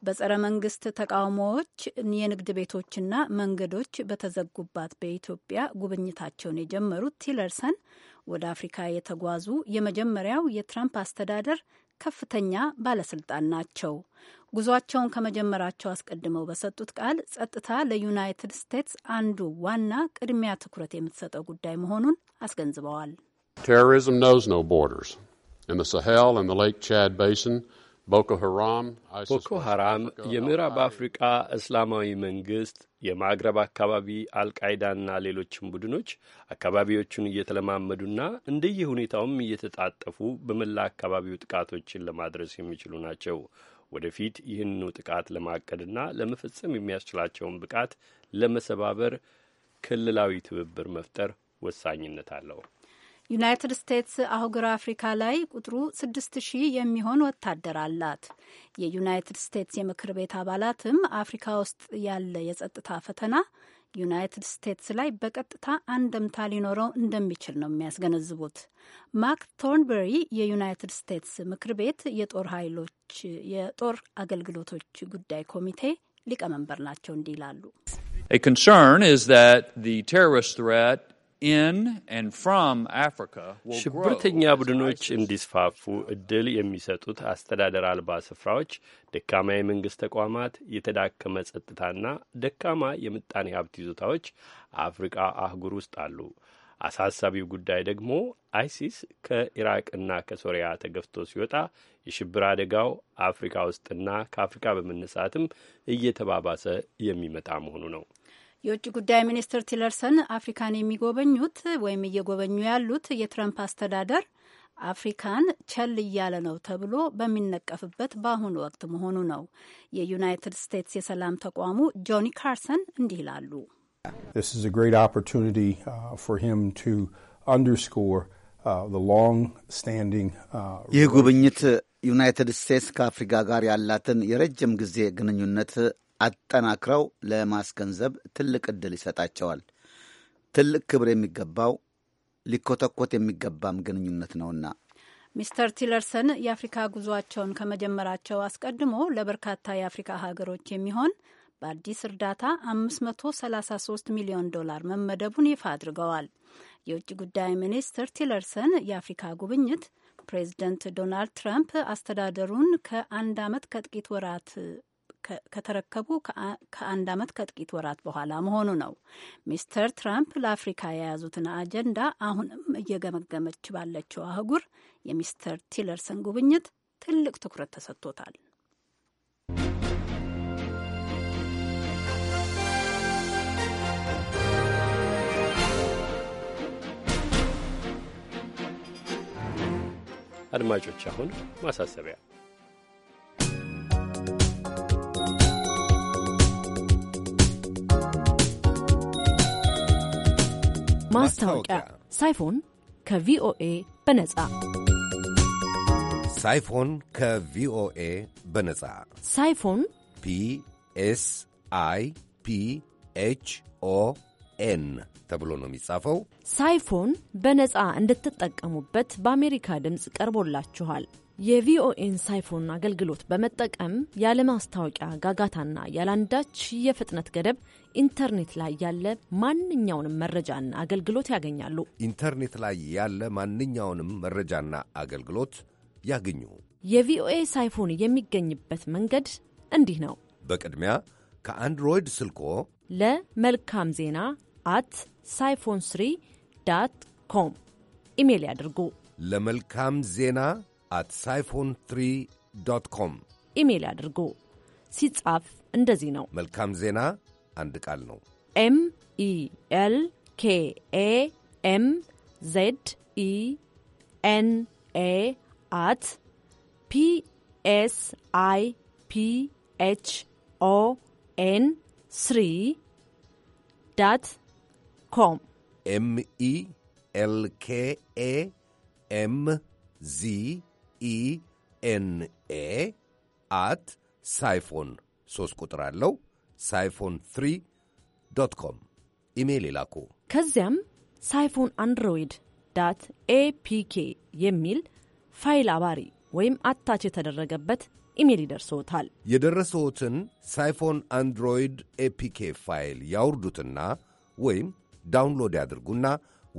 በጸረ መንግስት ተቃውሞዎች የንግድ ቤቶችና መንገዶች በተዘጉባት በኢትዮጵያ ጉብኝታቸውን የጀመሩት ቲለርሰን ወደ አፍሪካ የተጓዙ የመጀመሪያው የትራምፕ አስተዳደር ከፍተኛ ባለስልጣን ናቸው። ጉዟቸውን ከመጀመራቸው አስቀድመው በሰጡት ቃል ጸጥታ ለዩናይትድ ስቴትስ አንዱ ዋና ቅድሚያ ትኩረት የምትሰጠው ጉዳይ መሆኑን አስገንዝበዋል። ቴሮሪዝም ኖዝ ኖ ቦርደርስ ኢን ዘ ሳሄል ኤንድ ዘ ሌክ ቻድ ቤሲን ቦኮ ሐራም የምዕራብ አፍሪቃ እስላማዊ መንግስት የማግረብ አካባቢ አልቃይዳና ሌሎችም ቡድኖች አካባቢዎቹን እየተለማመዱና እንደየ ሁኔታውም እየተጣጠፉ በመላ አካባቢው ጥቃቶችን ለማድረስ የሚችሉ ናቸው። ወደፊት ይህንኑ ጥቃት ለማቀድና ለመፈጸም የሚያስችላቸውን ብቃት ለመሰባበር ክልላዊ ትብብር መፍጠር ወሳኝነት አለው። ዩናይትድ ስቴትስ አህጉረ አፍሪካ ላይ ቁጥሩ ስድስት ሺህ የሚሆን ወታደር አላት። የዩናይትድ ስቴትስ የምክር ቤት አባላትም አፍሪካ ውስጥ ያለ የጸጥታ ፈተና ዩናይትድ ስቴትስ ላይ በቀጥታ አንደምታ ሊኖረው እንደሚችል ነው የሚያስገነዝቡት። ማክ ቶርንበሪ የዩናይትድ ስቴትስ ምክር ቤት የጦር ኃይሎች የጦር አገልግሎቶች ጉዳይ ኮሚቴ ሊቀመንበር ናቸው። እንዲህ ይላሉ። A concern is that the terrorist threat ሽብርተኛ ቡድኖች እንዲስፋፉ እድል የሚሰጡት አስተዳደር አልባ ስፍራዎች፣ ደካማ የመንግሥት ተቋማት፣ የተዳከመ ጸጥታና ደካማ የምጣኔ ሀብት ይዞታዎች አፍሪቃ አህጉር ውስጥ አሉ። አሳሳቢው ጉዳይ ደግሞ አይሲስ ከኢራቅና ከሶሪያ ተገፍቶ ሲወጣ የሽብር አደጋው አፍሪካ ውስጥና ከአፍሪካ በመነሳትም እየተባባሰ የሚመጣ መሆኑ ነው። የውጭ ጉዳይ ሚኒስትር ቲለርሰን አፍሪካን የሚጎበኙት ወይም እየጎበኙ ያሉት የትረምፕ አስተዳደር አፍሪካን ቸል እያለ ነው ተብሎ በሚነቀፍበት በአሁኑ ወቅት መሆኑ ነው። የዩናይትድ ስቴትስ የሰላም ተቋሙ ጆኒ ካርሰን እንዲህ ይላሉ። ይህ ጉብኝት ዩናይትድ ስቴትስ ከአፍሪካ ጋር ያላትን የረጅም ጊዜ ግንኙነት አጠናክረው ለማስገንዘብ ትልቅ ዕድል ይሰጣቸዋል። ትልቅ ክብር የሚገባው ሊኮተኮት የሚገባም ግንኙነት ነውና። ሚስተር ቲለርሰን የአፍሪካ ጉዟቸውን ከመጀመራቸው አስቀድሞ ለበርካታ የአፍሪካ ሀገሮች የሚሆን በአዲስ እርዳታ 533 ሚሊዮን ዶላር መመደቡን ይፋ አድርገዋል። የውጭ ጉዳይ ሚኒስትር ቲለርሰን የአፍሪካ ጉብኝት ፕሬዚደንት ዶናልድ ትራምፕ አስተዳደሩን ከአንድ ዓመት ከጥቂት ወራት ከተረከቡ ከአንድ ዓመት ከጥቂት ወራት በኋላ መሆኑ ነው። ሚስተር ትራምፕ ለአፍሪካ የያዙትን አጀንዳ አሁንም እየገመገመች ባለችው አህጉር የሚስተር ቲለርሰን ጉብኝት ትልቅ ትኩረት ተሰጥቶታል። አድማጮች አሁን ማሳሰቢያ ማስታወቂያ ሳይፎን ከቪኦኤ በነጻ ሳይፎን ከቪኦኤ በነጻ ሳይፎን ፒኤስ አይ ፒ ኤች ኦ ኤን ተብሎ ነው የሚጻፈው። ሳይፎን በነጻ እንድትጠቀሙበት በአሜሪካ ድምፅ ቀርቦላችኋል። የቪኦኤን ሳይፎን አገልግሎት በመጠቀም ያለ ማስታወቂያ ጋጋታና ያላንዳች የፍጥነት ገደብ ኢንተርኔት ላይ ያለ ማንኛውንም መረጃና አገልግሎት ያገኛሉ። ኢንተርኔት ላይ ያለ ማንኛውንም መረጃና አገልግሎት ያገኙ። የቪኦኤ ሳይፎን የሚገኝበት መንገድ እንዲህ ነው። በቅድሚያ ከአንድሮይድ ስልኮ ለመልካም ዜና አት ሳይፎን ስሪ ዳት ኮም ኢሜይል ያድርጉ። ለመልካም ዜና አት ሳይፎን ትሪ ዶት ኮም ኢሜይል ያድርጉ። ሲጻፍ እንደዚህ ነው። መልካም ዜና አንድ ቃል ነው። ኤም ኢ ኤል ኬ ኤ ኤም ዜድ ኢ ኤን ኤ አት ፒ ኤስ አይ ፒ ኤች ኦ ኤን ስሪ ዳት ኮም ኤም ኢ ኤል ኬ ኤ ኤም ዚ ኢ ኤን ኤ አት ሳይፎን ሶስት ቁጥር አለው ሳይፎን 3 ዶት ኮም ኢሜይል ይላኩ። ከዚያም ሳይፎን አንድሮይድ ዳት ኤፒኬ የሚል ፋይል አባሪ ወይም አታች የተደረገበት ኢሜይል ይደርሶታል። የደረሰዎትን ሳይፎን አንድሮይድ ኤፒኬ ፋይል ያውርዱትና ወይም ዳውንሎድ ያድርጉና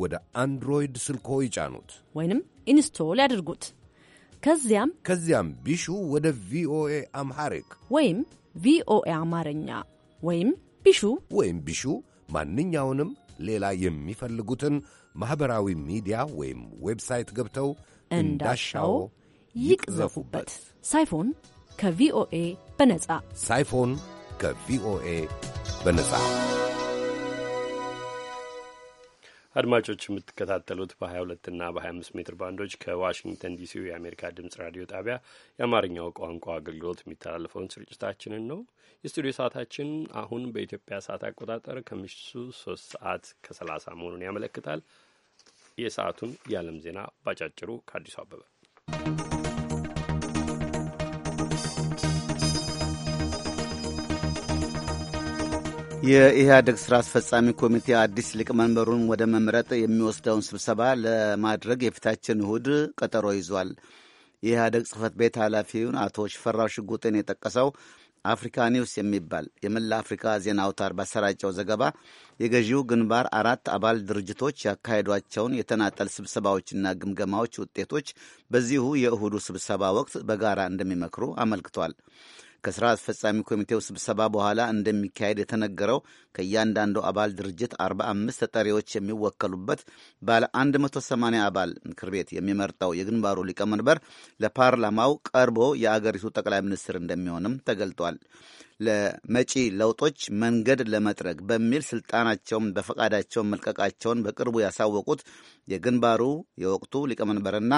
ወደ አንድሮይድ ስልኮ ይጫኑት ወይንም ኢንስቶል ያድርጉት። ከዚያም ከዚያም ቢሹ ወደ ቪኦኤ አምሐሪክ ወይም ቪኦኤ አማርኛ ወይም ቢሹ ወይም ቢሹ ማንኛውንም ሌላ የሚፈልጉትን ማኅበራዊ ሚዲያ ወይም ዌብሳይት ገብተው እንዳሻው ይቅዘፉበት። ሳይፎን ከቪኦኤ በነጻ ሳይፎን ከቪኦኤ በነጻ አድማጮች የምትከታተሉት በ22 እና በ25 ሜትር ባንዶች ከዋሽንግተን ዲሲ የአሜሪካ ድምጽ ራዲዮ ጣቢያ የአማርኛው ቋንቋ አገልግሎት የሚተላለፈውን ስርጭታችንን ነው። የስቱዲዮ ሰዓታችን አሁን በኢትዮጵያ ሰዓት አቆጣጠር ከምሽቱ 3 ሰዓት ከ30 መሆኑን ያመለክታል። የሰዓቱን የዓለም ዜና ባጫጭሩ ከአዲሱ አበበ የኢህአዴግ ስራ አስፈጻሚ ኮሚቴ አዲስ ሊቀመንበሩን ወደ መምረጥ የሚወስደውን ስብሰባ ለማድረግ የፊታችን እሁድ ቀጠሮ ይዟል። የኢህአዴግ ጽህፈት ቤት ኃላፊውን አቶ ሽፈራው ሽጉጤን የጠቀሰው አፍሪካ ኒውስ የሚባል የመላ አፍሪካ ዜና አውታር ባሰራጨው ዘገባ የገዢው ግንባር አራት አባል ድርጅቶች ያካሄዷቸውን የተናጠል ስብሰባዎችና ግምገማዎች ውጤቶች በዚሁ የእሁዱ ስብሰባ ወቅት በጋራ እንደሚመክሩ አመልክቷል። ከሥራ አስፈጻሚ ኮሚቴው ስብሰባ በኋላ እንደሚካሄድ የተነገረው ከእያንዳንዱ አባል ድርጅት 45 ተጠሪዎች የሚወከሉበት ባለ 180 አባል ምክር ቤት የሚመርጠው የግንባሩ ሊቀመንበር ለፓርላማው ቀርቦ የአገሪቱ ጠቅላይ ሚኒስትር እንደሚሆንም ተገልጧል። ለመጪ ለውጦች መንገድ ለመጥረግ በሚል ስልጣናቸውን በፈቃዳቸውን መልቀቃቸውን በቅርቡ ያሳወቁት የግንባሩ የወቅቱ ሊቀመንበርና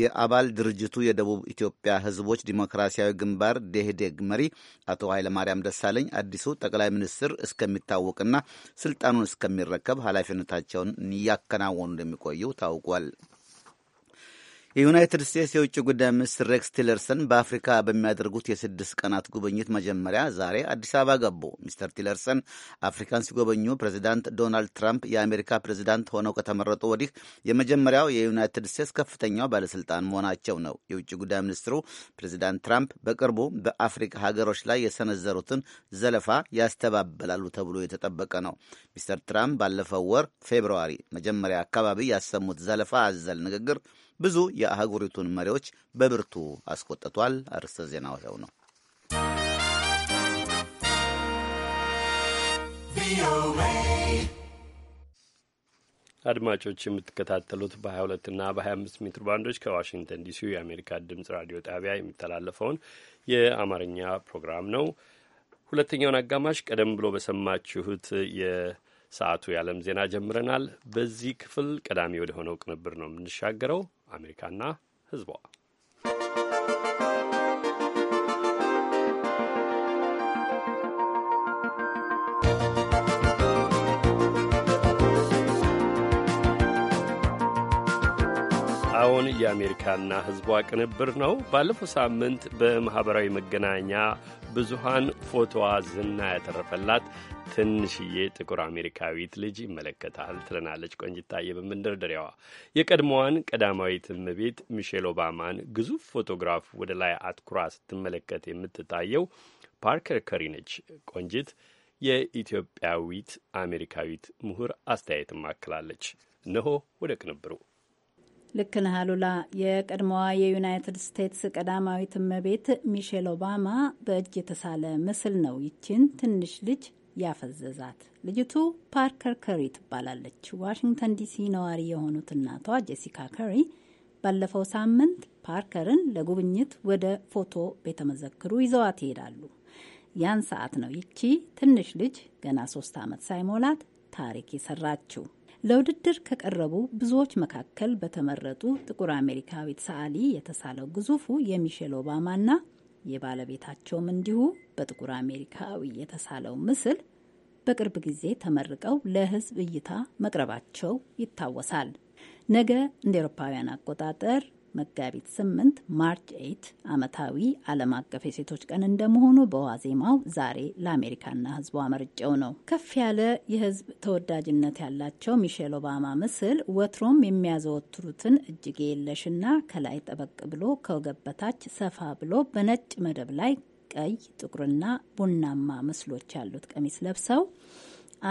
የአባል ድርጅቱ የደቡብ ኢትዮጵያ ሕዝቦች ዲሞክራሲያዊ ግንባር ደኢህዴግ መሪ አቶ ኃይለማርያም ደሳለኝ አዲሱ ጠቅላይ ሚኒስትር እስከሚታወቅና ስልጣኑን እስከሚረከብ ኃላፊነታቸውን እያከናወኑ እንደሚቆዩ ታውቋል። የዩናይትድ ስቴትስ የውጭ ጉዳይ ሚኒስትር ሬክስ ቲለርሰን በአፍሪካ በሚያደርጉት የስድስት ቀናት ጉብኝት መጀመሪያ ዛሬ አዲስ አበባ ገቡ። ሚስተር ቲለርሰን አፍሪካን ሲጎበኙ ፕሬዚዳንት ዶናልድ ትራምፕ የአሜሪካ ፕሬዚዳንት ሆነው ከተመረጡ ወዲህ የመጀመሪያው የዩናይትድ ስቴትስ ከፍተኛው ባለስልጣን መሆናቸው ነው። የውጭ ጉዳይ ሚኒስትሩ ፕሬዚዳንት ትራምፕ በቅርቡ በአፍሪካ ሀገሮች ላይ የሰነዘሩትን ዘለፋ ያስተባበላሉ ተብሎ የተጠበቀ ነው። ሚስተር ትራምፕ ባለፈው ወር ፌብርዋሪ መጀመሪያ አካባቢ ያሰሙት ዘለፋ አዘል ንግግር ብዙ የአህጉሪቱን መሪዎች በብርቱ አስቆጥቷል። አርዕስተ ዜናው ይኸው ነው። አድማጮች የምትከታተሉት በ22 እና በ25 ሜትር ባንዶች ከዋሽንግተን ዲሲ የአሜሪካ ድምጽ ራዲዮ ጣቢያ የሚተላለፈውን የአማርኛ ፕሮግራም ነው። ሁለተኛውን አጋማሽ ቀደም ብሎ በሰማችሁት የሰዓቱ የዓለም ዜና ጀምረናል። በዚህ ክፍል ቀዳሚ ወደ ሆነው ቅንብር ነው የምንሻገረው። አሜሪካና ህዝቧ። አሁን የአሜሪካና ህዝቧ ቅንብር ነው። ባለፈው ሳምንት በማኅበራዊ መገናኛ ብዙሃን ፎቶዋ ዝና ያተረፈላት ትንሽዬ ጥቁር አሜሪካዊት ልጅ ይመለከታል ትለናለች ቆንጅታየ በመንደርደሪያዋ የቀድሞዋን ቀዳማዊት እመቤት ሚሼል ኦባማን ግዙፍ ፎቶግራፍ ወደ ላይ አትኩራ ስትመለከት የምትታየው ፓርከር ከሪ ነች። ቆንጅት የኢትዮጵያዊት አሜሪካዊት ምሁር አስተያየትም አክላለች። እነሆ ወደ ቅንብሩ ልክ ነህ አሉላ። የቀድሞዋ የዩናይትድ ስቴትስ ቀዳማዊት እመቤት ሚሼል ኦባማ በእጅ የተሳለ ምስል ነው ይችን ትንሽ ልጅ ያፈዘዛት። ልጅቱ ፓርከር ከሪ ትባላለች። ዋሽንግተን ዲሲ ነዋሪ የሆኑት እናቷ ጄሲካ ከሪ ባለፈው ሳምንት ፓርከርን ለጉብኝት ወደ ፎቶ ቤተ መዘክሩ ይዘዋት ይሄዳሉ። ያን ሰዓት ነው ይቺ ትንሽ ልጅ ገና ሶስት ዓመት ሳይሞላት ታሪክ የሰራችው። ለውድድር ከቀረቡ ብዙዎች መካከል በተመረጡ ጥቁር አሜሪካዊት ሰዓሊ የተሳለው ግዙፉ የሚሼል ኦባማና የባለቤታቸውም እንዲሁ በጥቁር አሜሪካዊ የተሳለው ምስል በቅርብ ጊዜ ተመርቀው ለሕዝብ እይታ መቅረባቸው ይታወሳል። ነገ እንደ ኤሮፓውያን አቆጣጠር መጋቢት 8 ማርች 8 ዓመታዊ ዓለም አቀፍ የሴቶች ቀን እንደመሆኑ በዋዜማው ዛሬ ለአሜሪካና ሕዝቧ መርጨው ነው። ከፍ ያለ የሕዝብ ተወዳጅነት ያላቸው ሚሼል ኦባማ ምስል ወትሮም የሚያዘወትሩትን እጅጌ የለሽና ከላይ ጠበቅ ብሎ ከወገብ በታች ሰፋ ብሎ በነጭ መደብ ላይ ቀይ፣ ጥቁርና ቡናማ ምስሎች ያሉት ቀሚስ ለብሰው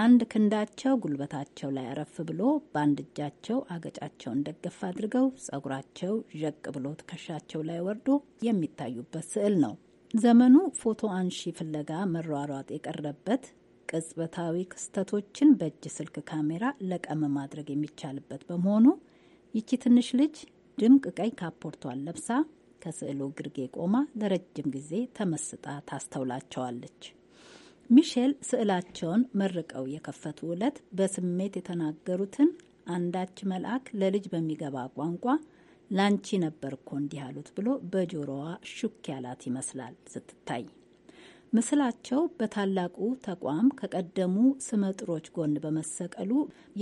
አንድ ክንዳቸው ጉልበታቸው ላይ አረፍ ብሎ በአንድ እጃቸው አገጫቸውን ደገፍ አድርገው ጸጉራቸው ዠቅ ብሎ ትከሻቸው ላይ ወርዶ የሚታዩበት ስዕል ነው። ዘመኑ ፎቶ አንሺ ፍለጋ መሯሯጥ የቀረበት ቅጽበታዊ ክስተቶችን በእጅ ስልክ ካሜራ ለቀም ማድረግ የሚቻልበት በመሆኑ ይቺ ትንሽ ልጅ ድምቅ ቀይ ካፖርቷን ለብሳ ከስዕሉ ግርጌ ቆማ ለረጅም ጊዜ ተመስጣ ታስተውላቸዋለች። ሚሼል ስዕላቸውን መርቀው የከፈቱ ዕለት በስሜት የተናገሩትን አንዳች መልአክ ለልጅ በሚገባ ቋንቋ ላንቺ ነበር እኮ እንዲህ አሉት ብሎ በጆሮዋ ሹክ ያላት ይመስላል ስትታይ። ምስላቸው በታላቁ ተቋም ከቀደሙ ስመጥሮች ጎን በመሰቀሉ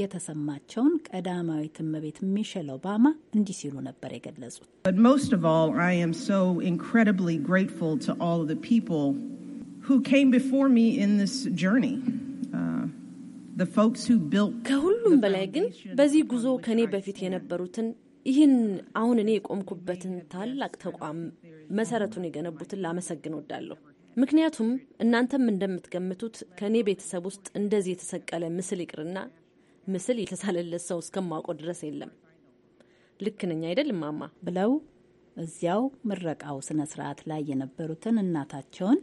የተሰማቸውን ቀዳማዊት እመቤት ሚሼል ኦባማ እንዲህ ሲሉ ነበር የገለጹት። who came before me in this journey. Uh, ከሁሉም በላይ ግን በዚህ ጉዞ ከኔ በፊት የነበሩትን ይህን አሁን እኔ የቆምኩበትን ታላቅ ተቋም መሰረቱን የገነቡትን ላመሰግን ወዳለሁ። ምክንያቱም እናንተም እንደምትገምቱት ከእኔ ቤተሰብ ውስጥ እንደዚህ የተሰቀለ ምስል ይቅርና ምስል የተሳለለት ሰው እስከማውቀው ድረስ የለም። ልክ ነኝ አይደል ማማ? ብለው እዚያው ምረቃው ስነ ስርዓት ላይ የነበሩትን እናታቸውን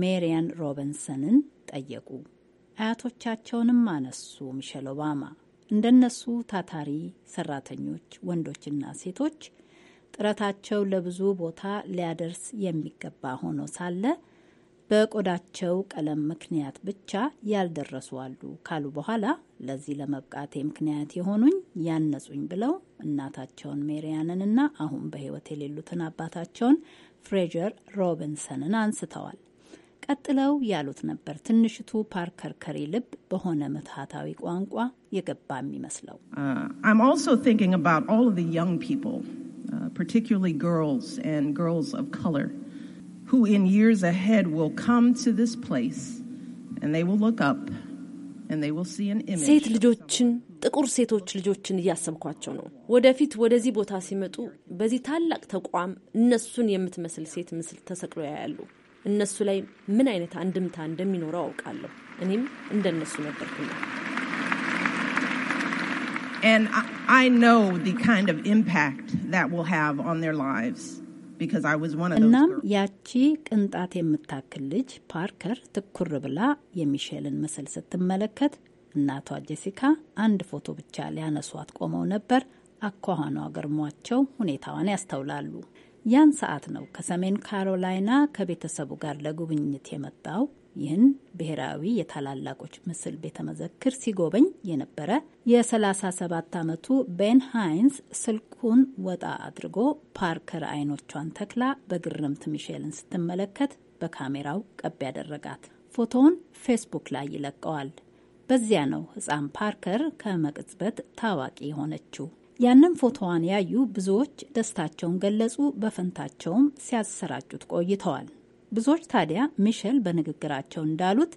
ሜሪያን ሮቢንሰንን ጠየቁ። አያቶቻቸውንም አነሱ። ሚሸል ኦባማ እንደነሱ ታታሪ ሰራተኞች ወንዶችና ሴቶች ጥረታቸው ለብዙ ቦታ ሊያደርስ የሚገባ ሆኖ ሳለ በቆዳቸው ቀለም ምክንያት ብቻ ያልደረሱ አሉ ካሉ በኋላ ለዚህ ለመብቃቴ ምክንያት የሆኑኝ ያነጹኝ ብለው እናታቸውን ሜሪያንን እና አሁን በሕይወት የሌሉትን አባታቸውን ፍሬጀር ሮቢንሰንን አንስተዋል። ቀጥለው ያሉት ነበር ትንሽቱ ፓርከር ከሪ ልብ በሆነ ምትሃታዊ ቋንቋ የገባ የሚመስለው። uh, ሴት ልጆችን ጥቁር ሴቶች ልጆችን እያሰብኳቸው ነው። ወደፊት ወደዚህ ቦታ ሲመጡ በዚህ ታላቅ ተቋም እነሱን የምትመስል ሴት ምስል ተሰቅሎ ያያሉ። እነሱ ላይ ምን አይነት አንድምታ እንደሚኖረው አውቃለሁ። እኔም እንደነሱ ነበርኩ። And I, I know the kind of impact that will have on their lives because I was one of those እናም ያቺ ቅንጣት የምታክል ልጅ ፓርከር ትኩር ብላ የሚሼልን ምስል ስትመለከት እናቷ ጄሲካ አንድ ፎቶ ብቻ ሊያነሷት ቆመው ነበር። አኳኋኗ ገርሟቸው ሁኔታዋን ያስተውላሉ። ያን ሰዓት ነው ከሰሜን ካሮላይና ከቤተሰቡ ጋር ለጉብኝት የመጣው። ይህን ብሔራዊ የታላላቆች ምስል ቤተ መዘክር ሲጎበኝ የነበረ የ37 ዓመቱ ቤን ሃይንስ ስልኩን ወጣ አድርጎ ፓርከር አይኖቿን ተክላ በግርምት ሚሼልን ስትመለከት በካሜራው ቀብ ያደረጋት ፎቶውን ፌስቡክ ላይ ይለቀዋል። በዚያ ነው ሕፃን ፓርከር ከመቅጽበት ታዋቂ የሆነችው። ያንን ፎቶዋን ያዩ ብዙዎች ደስታቸውን ገለጹ። በፈንታቸውም ሲያሰራጩት ቆይተዋል። ብዙዎች ታዲያ ሚሸል በንግግራቸው እንዳሉት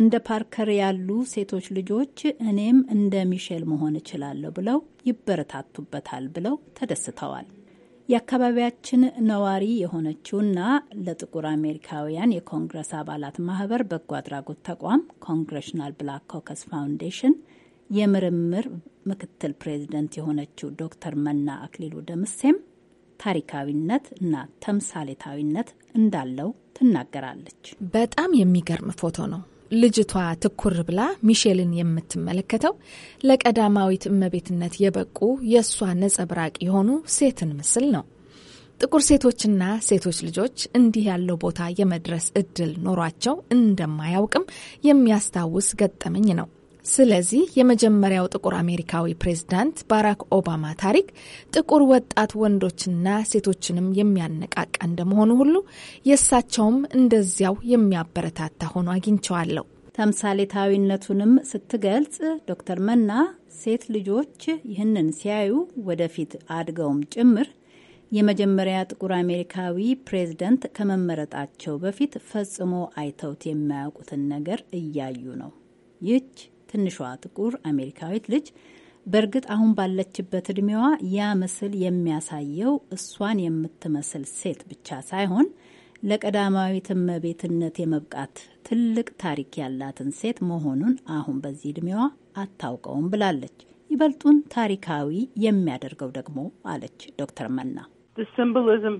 እንደ ፓርከር ያሉ ሴቶች ልጆች እኔም እንደ ሚሼል መሆን እችላለሁ ብለው ይበረታቱበታል ብለው ተደስተዋል። የአካባቢያችን ነዋሪ የሆነችውና ለጥቁር አሜሪካውያን የኮንግረስ አባላት ማህበር በጎ አድራጎት ተቋም ኮንግረሽናል ብላክ ኮከስ ፋውንዴሽን የምርምር ምክትል ፕሬዚደንት የሆነችው ዶክተር መና አክሊሉ ደምሴም ታሪካዊነት እና ተምሳሌታዊነት እንዳለው ትናገራለች። በጣም የሚገርም ፎቶ ነው። ልጅቷ ትኩር ብላ ሚሼልን የምትመለከተው ለቀዳማዊት እመቤትነት የበቁ የእሷ ነጸብራቅ የሆኑ ሴትን ምስል ነው። ጥቁር ሴቶችና ሴቶች ልጆች እንዲህ ያለው ቦታ የመድረስ እድል ኖሯቸው እንደማያውቅም የሚያስታውስ ገጠመኝ ነው። ስለዚህ የመጀመሪያው ጥቁር አሜሪካዊ ፕሬዝዳንት ባራክ ኦባማ ታሪክ ጥቁር ወጣት ወንዶችና ሴቶችንም የሚያነቃቃ እንደመሆኑ ሁሉ የእሳቸውም እንደዚያው የሚያበረታታ ሆኖ አግኝቸዋለሁ። ተምሳሌታዊነቱንም ስትገልጽ ዶክተር መና ሴት ልጆች ይህንን ሲያዩ ወደፊት አድገውም ጭምር የመጀመሪያ ጥቁር አሜሪካዊ ፕሬዝደንት ከመመረጣቸው በፊት ፈጽሞ አይተውት የማያውቁትን ነገር እያዩ ነው። ይች ትንሿ ጥቁር አሜሪካዊት ልጅ በእርግጥ አሁን ባለችበት እድሜዋ ያ ምስል የሚያሳየው እሷን የምትመስል ሴት ብቻ ሳይሆን ለቀዳማዊት እመቤትነት የመብቃት ትልቅ ታሪክ ያላትን ሴት መሆኑን አሁን በዚህ እድሜዋ አታውቀውም ብላለች። ይበልጡን ታሪካዊ የሚያደርገው ደግሞ አለች ዶክተር መና ሲምቦሊዝም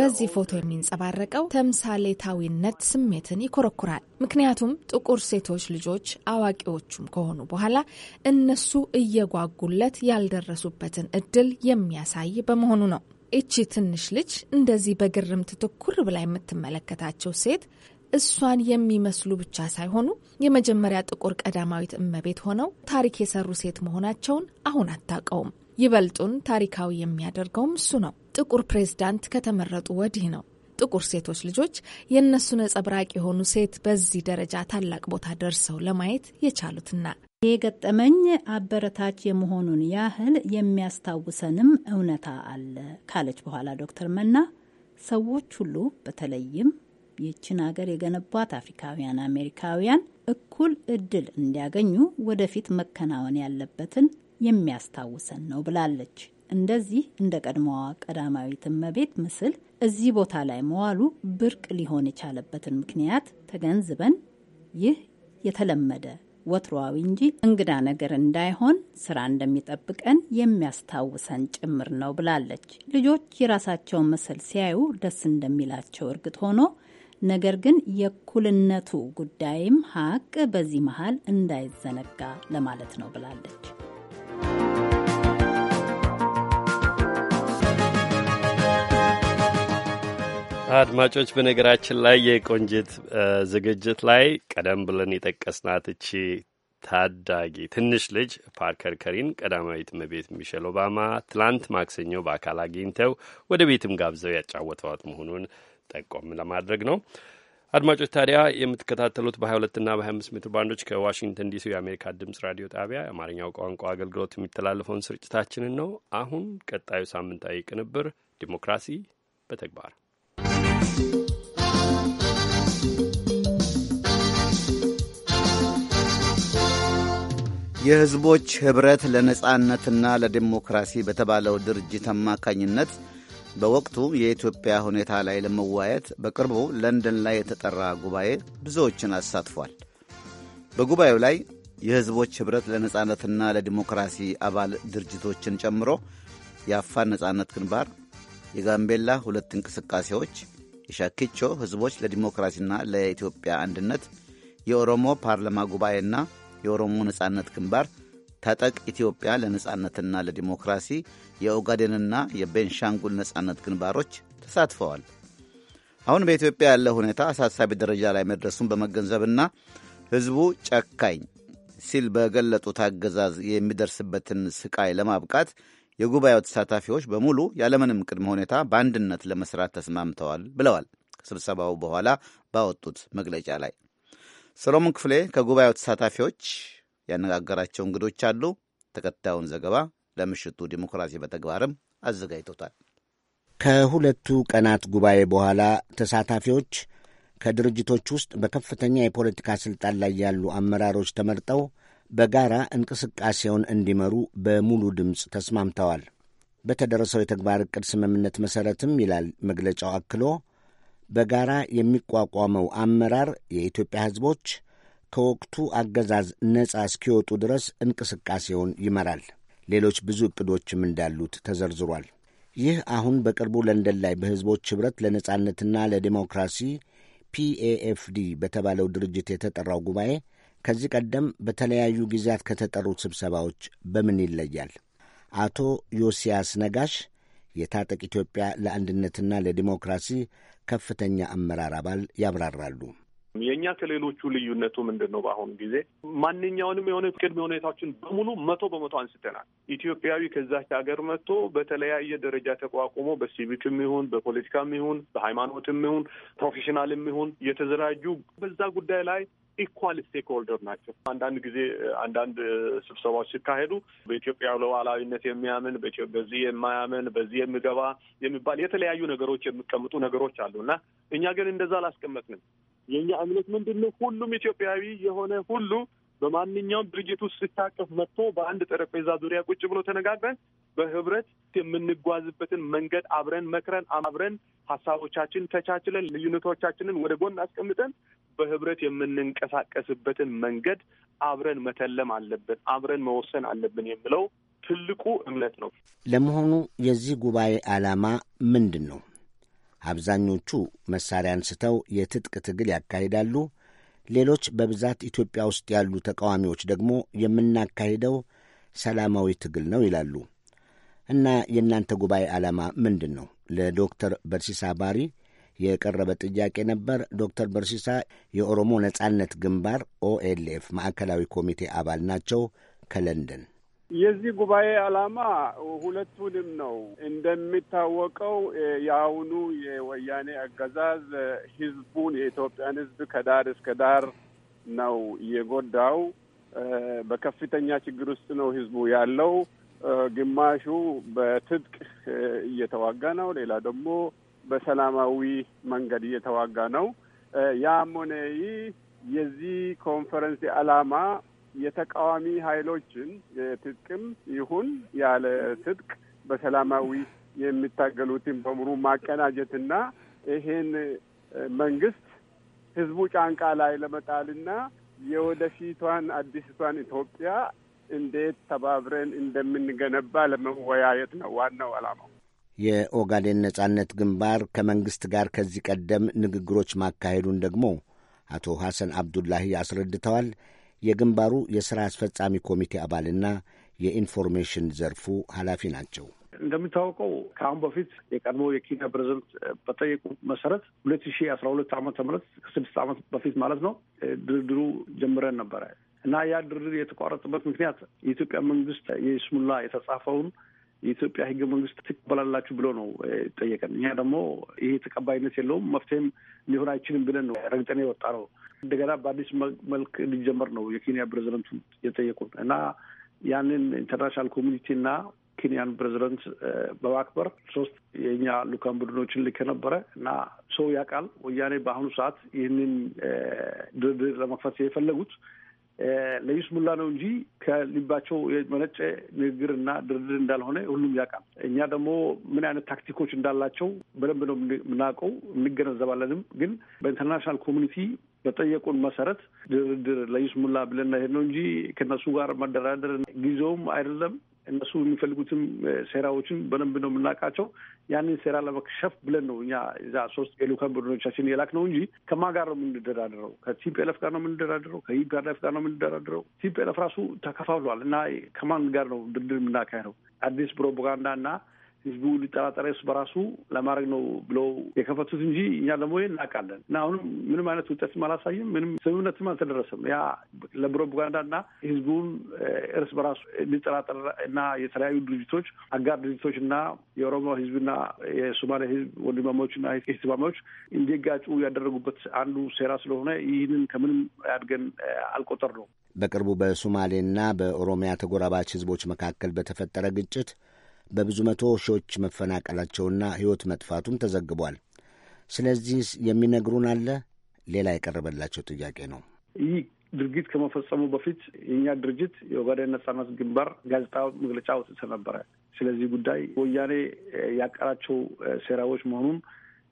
በዚህ ፎቶ የሚንጸባረቀው ተምሳሌታዊነት ስሜትን ይኮረኩራል። ምክንያቱም ጥቁር ሴቶች ልጆች አዋቂዎቹም ከሆኑ በኋላ እነሱ እየጓጉለት ያልደረሱበትን እድል የሚያሳይ በመሆኑ ነው። እቺ ትንሽ ልጅ እንደዚህ በግርምት ትኩር ብላ የምትመለከታቸው ሴት እሷን የሚመስሉ ብቻ ሳይሆኑ የመጀመሪያ ጥቁር ቀዳማዊት እመቤት ሆነው ታሪክ የሰሩ ሴት መሆናቸውን አሁን አታውቀውም። ይበልጡን ታሪካዊ የሚያደርገውም እሱ ነው። ጥቁር ፕሬዝዳንት ከተመረጡ ወዲህ ነው ጥቁር ሴቶች ልጆች የእነሱ ነጸብራቅ የሆኑ ሴት በዚህ ደረጃ ታላቅ ቦታ ደርሰው ለማየት የቻሉትና ይህ አበረታች የመሆኑን ያህል የሚያስታውሰንም እውነታ አለ ካለች በኋላ ዶክተር መና ሰዎች ሁሉ በተለይም ይህችን ሀገር የገነቧት አፍሪካውያን አሜሪካውያን እኩል እድል እንዲያገኙ ወደፊት መከናወን ያለበትን የሚያስታውሰን ነው ብላለች። እንደዚህ እንደ ቀድሞዋ ቀዳማዊት እመቤት ምስል እዚህ ቦታ ላይ መዋሉ ብርቅ ሊሆን የቻለበትን ምክንያት ተገንዝበን ይህ የተለመደ ወትሮዊ እንጂ እንግዳ ነገር እንዳይሆን ስራ እንደሚጠብቀን የሚያስታውሰን ጭምር ነው ብላለች። ልጆች የራሳቸውን ምስል ሲያዩ ደስ እንደሚላቸው እርግጥ ሆኖ ነገር ግን የእኩልነቱ ጉዳይም ሀቅ በዚህ መሀል እንዳይዘነጋ ለማለት ነው ብላለች። አድማጮች በነገራችን ላይ የቆንጅት ዝግጅት ላይ ቀደም ብለን የጠቀስናት እቺ ታዳጊ ትንሽ ልጅ ፓርከር ከሪን ቀዳማዊት እመቤት ሚሼል ኦባማ ትላንት ማክሰኞ በአካል አግኝተው ወደ ቤትም ጋብዘው ያጫወተዋት መሆኑን ጠቆም ለማድረግ ነው። አድማጮች ታዲያ የምትከታተሉት በ22ና በ25 ሜትር ባንዶች ከዋሽንግተን ዲሲ የአሜሪካ ድምፅ ራዲዮ ጣቢያ የአማርኛው ቋንቋ አገልግሎት የሚተላለፈውን ስርጭታችንን ነው። አሁን ቀጣዩ ሳምንታዊ ቅንብር ዲሞክራሲ በተግባር የሕዝቦች ኅብረት ለነጻነትና ለዲሞክራሲ በተባለው ድርጅት አማካኝነት በወቅቱ የኢትዮጵያ ሁኔታ ላይ ለመዋየት በቅርቡ ለንደን ላይ የተጠራ ጉባኤ ብዙዎችን አሳትፏል። በጉባኤው ላይ የሕዝቦች ኅብረት ለነጻነትና ለዲሞክራሲ አባል ድርጅቶችን ጨምሮ የአፋን ነጻነት ግንባር፣ የጋምቤላ ሁለት እንቅስቃሴዎች፣ የሻኪቾ ሕዝቦች ለዲሞክራሲና ለኢትዮጵያ አንድነት፣ የኦሮሞ ፓርላማ ጉባኤና የኦሮሞ ነጻነት ግንባር ተጠቅ ኢትዮጵያ ለነጻነትና ለዲሞክራሲ፣ የኦጋዴንና የቤንሻንጉል ነጻነት ግንባሮች ተሳትፈዋል። አሁን በኢትዮጵያ ያለው ሁኔታ አሳሳቢ ደረጃ ላይ መድረሱን በመገንዘብና ሕዝቡ ጨካኝ ሲል በገለጡት አገዛዝ የሚደርስበትን ስቃይ ለማብቃት የጉባኤው ተሳታፊዎች በሙሉ ያለምንም ቅድመ ሁኔታ በአንድነት ለመስራት ተስማምተዋል ብለዋል። ከስብሰባው በኋላ ባወጡት መግለጫ ላይ ሰሎሞን ክፍሌ ከጉባኤው ተሳታፊዎች ያነጋገራቸው እንግዶች አሉ። ተከታዩን ዘገባ ለምሽቱ ዲሞክራሲ በተግባርም አዘጋጅቶታል። ከሁለቱ ቀናት ጉባኤ በኋላ ተሳታፊዎች ከድርጅቶች ውስጥ በከፍተኛ የፖለቲካ ሥልጣን ላይ ያሉ አመራሮች ተመርጠው በጋራ እንቅስቃሴውን እንዲመሩ በሙሉ ድምፅ ተስማምተዋል። በተደረሰው የተግባር ዕቅድ ስምምነት መሠረትም ይላል መግለጫው አክሎ በጋራ የሚቋቋመው አመራር የኢትዮጵያ ሕዝቦች ከወቅቱ አገዛዝ ነጻ እስኪወጡ ድረስ እንቅስቃሴውን ይመራል። ሌሎች ብዙ ዕቅዶችም እንዳሉት ተዘርዝሯል። ይህ አሁን በቅርቡ ለንደን ላይ በሕዝቦች ኅብረት ለነጻነትና ለዲሞክራሲ ፒኤኤፍዲ በተባለው ድርጅት የተጠራው ጉባኤ ከዚህ ቀደም በተለያዩ ጊዜያት ከተጠሩት ስብሰባዎች በምን ይለያል? አቶ ዮስያስ ነጋሽ የታጠቅ ኢትዮጵያ ለአንድነትና ለዲሞክራሲ ከፍተኛ አመራር አባል ያብራራሉ። የእኛ ከሌሎቹ ልዩነቱ ምንድን ነው? በአሁኑ ጊዜ ማንኛውንም የሆነ ቅድመ ሁኔታዎችን በሙሉ መቶ በመቶ አንስተናል። ኢትዮጵያዊ ከዛች ሀገር መጥቶ በተለያየ ደረጃ ተቋቁሞ በሲቪክም ይሁን በፖለቲካም ይሁን በሃይማኖትም ይሁን ፕሮፌሽናልም ይሁን የተዘራጁ በዛ ጉዳይ ላይ ኢኳል ስቴክ ሆልደር ናቸው። አንዳንድ ጊዜ አንዳንድ ስብሰባዎች ሲካሄዱ በኢትዮጵያ ሉዓላዊነት የሚያምን በዚህ የማያምን በዚህ የሚገባ የሚባል የተለያዩ ነገሮች የሚቀምጡ ነገሮች አሉ እና እኛ ግን እንደዛ አላስቀመጥንም። የእኛ እምነት ምንድን ነው? ሁሉም ኢትዮጵያዊ የሆነ ሁሉ በማንኛውም ድርጅት ውስጥ ሲታቀፍ መጥቶ በአንድ ጠረጴዛ ዙሪያ ቁጭ ብሎ ተነጋግረን በህብረት የምንጓዝበትን መንገድ አብረን መክረን አብረን ሀሳቦቻችን ተቻችለን ልዩነቶቻችንን ወደ ጎን አስቀምጠን በህብረት የምንንቀሳቀስበትን መንገድ አብረን መተለም አለብን፣ አብረን መወሰን አለብን የሚለው ትልቁ እምነት ነው። ለመሆኑ የዚህ ጉባኤ ዓላማ ምንድን ነው? አብዛኞቹ መሳሪያ አንስተው የትጥቅ ትግል ያካሂዳሉ። ሌሎች በብዛት ኢትዮጵያ ውስጥ ያሉ ተቃዋሚዎች ደግሞ የምናካሂደው ሰላማዊ ትግል ነው ይላሉ። እና የእናንተ ጉባኤ ዓላማ ምንድን ነው? ለዶክተር በርሲሳ ባሪ የቀረበ ጥያቄ ነበር። ዶክተር በርሲሳ የኦሮሞ ነጻነት ግንባር ኦኤልኤፍ ማዕከላዊ ኮሚቴ አባል ናቸው። ከለንደን የዚህ ጉባኤ ዓላማ ሁለቱንም ነው። እንደሚታወቀው የአሁኑ የወያኔ አገዛዝ ህዝቡን የኢትዮጵያን ህዝብ ከዳር እስከ ዳር ነው የጎዳው። በከፍተኛ ችግር ውስጥ ነው ህዝቡ ያለው። ግማሹ በትጥቅ እየተዋጋ ነው፣ ሌላ ደግሞ በሰላማዊ መንገድ እየተዋጋ ነው። ያም ሆነ ይህ የዚህ ኮንፈረንስ ዓላማ የተቃዋሚ ኃይሎችን የትጥቅም ይሁን ያለ ትጥቅ በሰላማዊ የሚታገሉትን በሙሉ ማቀናጀትና ይሄን መንግስት ህዝቡ ጫንቃ ላይ ለመጣልና የወደፊቷን አዲስቷን ኢትዮጵያ እንዴት ተባብረን እንደምንገነባ ለመወያየት ነው ዋናው ዓላማው። የኦጋዴን ነጻነት ግንባር ከመንግስት ጋር ከዚህ ቀደም ንግግሮች ማካሄዱን ደግሞ አቶ ሐሰን አብዱላሂ አስረድተዋል። የግንባሩ የሥራ አስፈጻሚ ኮሚቴ አባልና የኢንፎርሜሽን ዘርፉ ኃላፊ ናቸው። እንደሚታወቀው ከአሁን በፊት የቀድሞ የኬንያ ፕሬዚደንት በጠየቁ መሰረት ሁለት ሺ አስራ ሁለት ዓመተ ምህረት ከስድስት ዓመት በፊት ማለት ነው ድርድሩ ጀምረን ነበረ እና ያ ድርድር የተቋረጠበት ምክንያት የኢትዮጵያ መንግስት የስሙላ የተጻፈውን የኢትዮጵያ ህገ መንግስት ትቀበላላችሁ ብሎ ነው ጠየቀን። እኛ ደግሞ ይሄ ተቀባይነት የለውም መፍትሄም ሊሆን አይችልም ብለን ነው ረግጠን የወጣ ነው። እንደገና በአዲስ መልክ ሊጀመር ነው የኬንያ ፕሬዚደንቱ የጠየቁት እና ያንን ኢንተርናሽናል ኮሚኒቲና ኬንያን ፕሬዚደንት በማክበር ሶስት የእኛ ልኡካን ቡድኖችን ልክ ነበረ እና ሰው ያውቃል። ወያኔ በአሁኑ ሰዓት ይህንን ድርድር ለመክፈት የፈለጉት ለይስሙላ ነው እንጂ ከልባቸው የመነጨ ንግግርና ድርድር እንዳልሆነ ሁሉም ያውቃል። እኛ ደግሞ ምን አይነት ታክቲኮች እንዳላቸው በደንብ ነው የምናውቀው፣ እንገነዘባለንም። ግን በኢንተርናሽናል ኮሚኒቲ በጠየቁን መሰረት ድርድር ለይስሙላ ብለን ሄድ ነው እንጂ ከነሱ ጋር መደራደር ጊዜውም አይደለም እነሱ የሚፈልጉትም ሴራዎችን በደንብ ነው የምናውቃቸው። ያንን ሴራ ለመክሸፍ ብለን ነው እኛ እዛ ሶስት የልኡካን ቡድኖቻችን የላክ ነው እንጂ ከማ ጋር ነው የምንደራደረው? ከቲፒኤልኤፍ ጋር ነው የምንደራደረው? ከኢፒአርኤፍ ጋር ነው የምንደራደረው? ቲፒኤልኤፍ ራሱ ተከፋፍሏል እና ከማን ጋር ነው ድርድር የምናካሄደው? አዲስ ፕሮፓጋንዳ እና ህዝቡ ሊጠራጠረ እሱ በራሱ ለማድረግ ነው ብለው የከፈቱት እንጂ እኛ ደግሞ እናውቃለን እና አሁንም ምንም አይነት ውጤትም አላሳይም። ምንም ስምምነትም አልተደረሰም። ያ ለፕሮፓጋንዳና ህዝቡም እርስ በራሱ ሊጠራጠር እና የተለያዩ ድርጅቶች አጋር ድርጅቶች እና የኦሮሞ ህዝብና የሶማሌ ህዝብ ወንድማማዎችና ህትማማዎች እንዲጋጩ ያደረጉበት አንዱ ሴራ ስለሆነ ይህንን ከምንም አድገን አልቆጠር ነው። በቅርቡ በሶማሌና በኦሮሚያ ተጎራባች ህዝቦች መካከል በተፈጠረ ግጭት በብዙ መቶ ሺዎች መፈናቀላቸውና ሕይወት መጥፋቱም ተዘግቧል። ስለዚህ የሚነግሩን አለ? ሌላ የቀረበላቸው ጥያቄ ነው። ይህ ድርጊት ከመፈጸሙ በፊት የእኛ ድርጅት የኦጋዴን ነጻነት ግንባር ጋዜጣ መግለጫ አውጥቶ ነበረ። ስለዚህ ጉዳይ ወያኔ ያቀራቸው ሴራዎች መሆኑን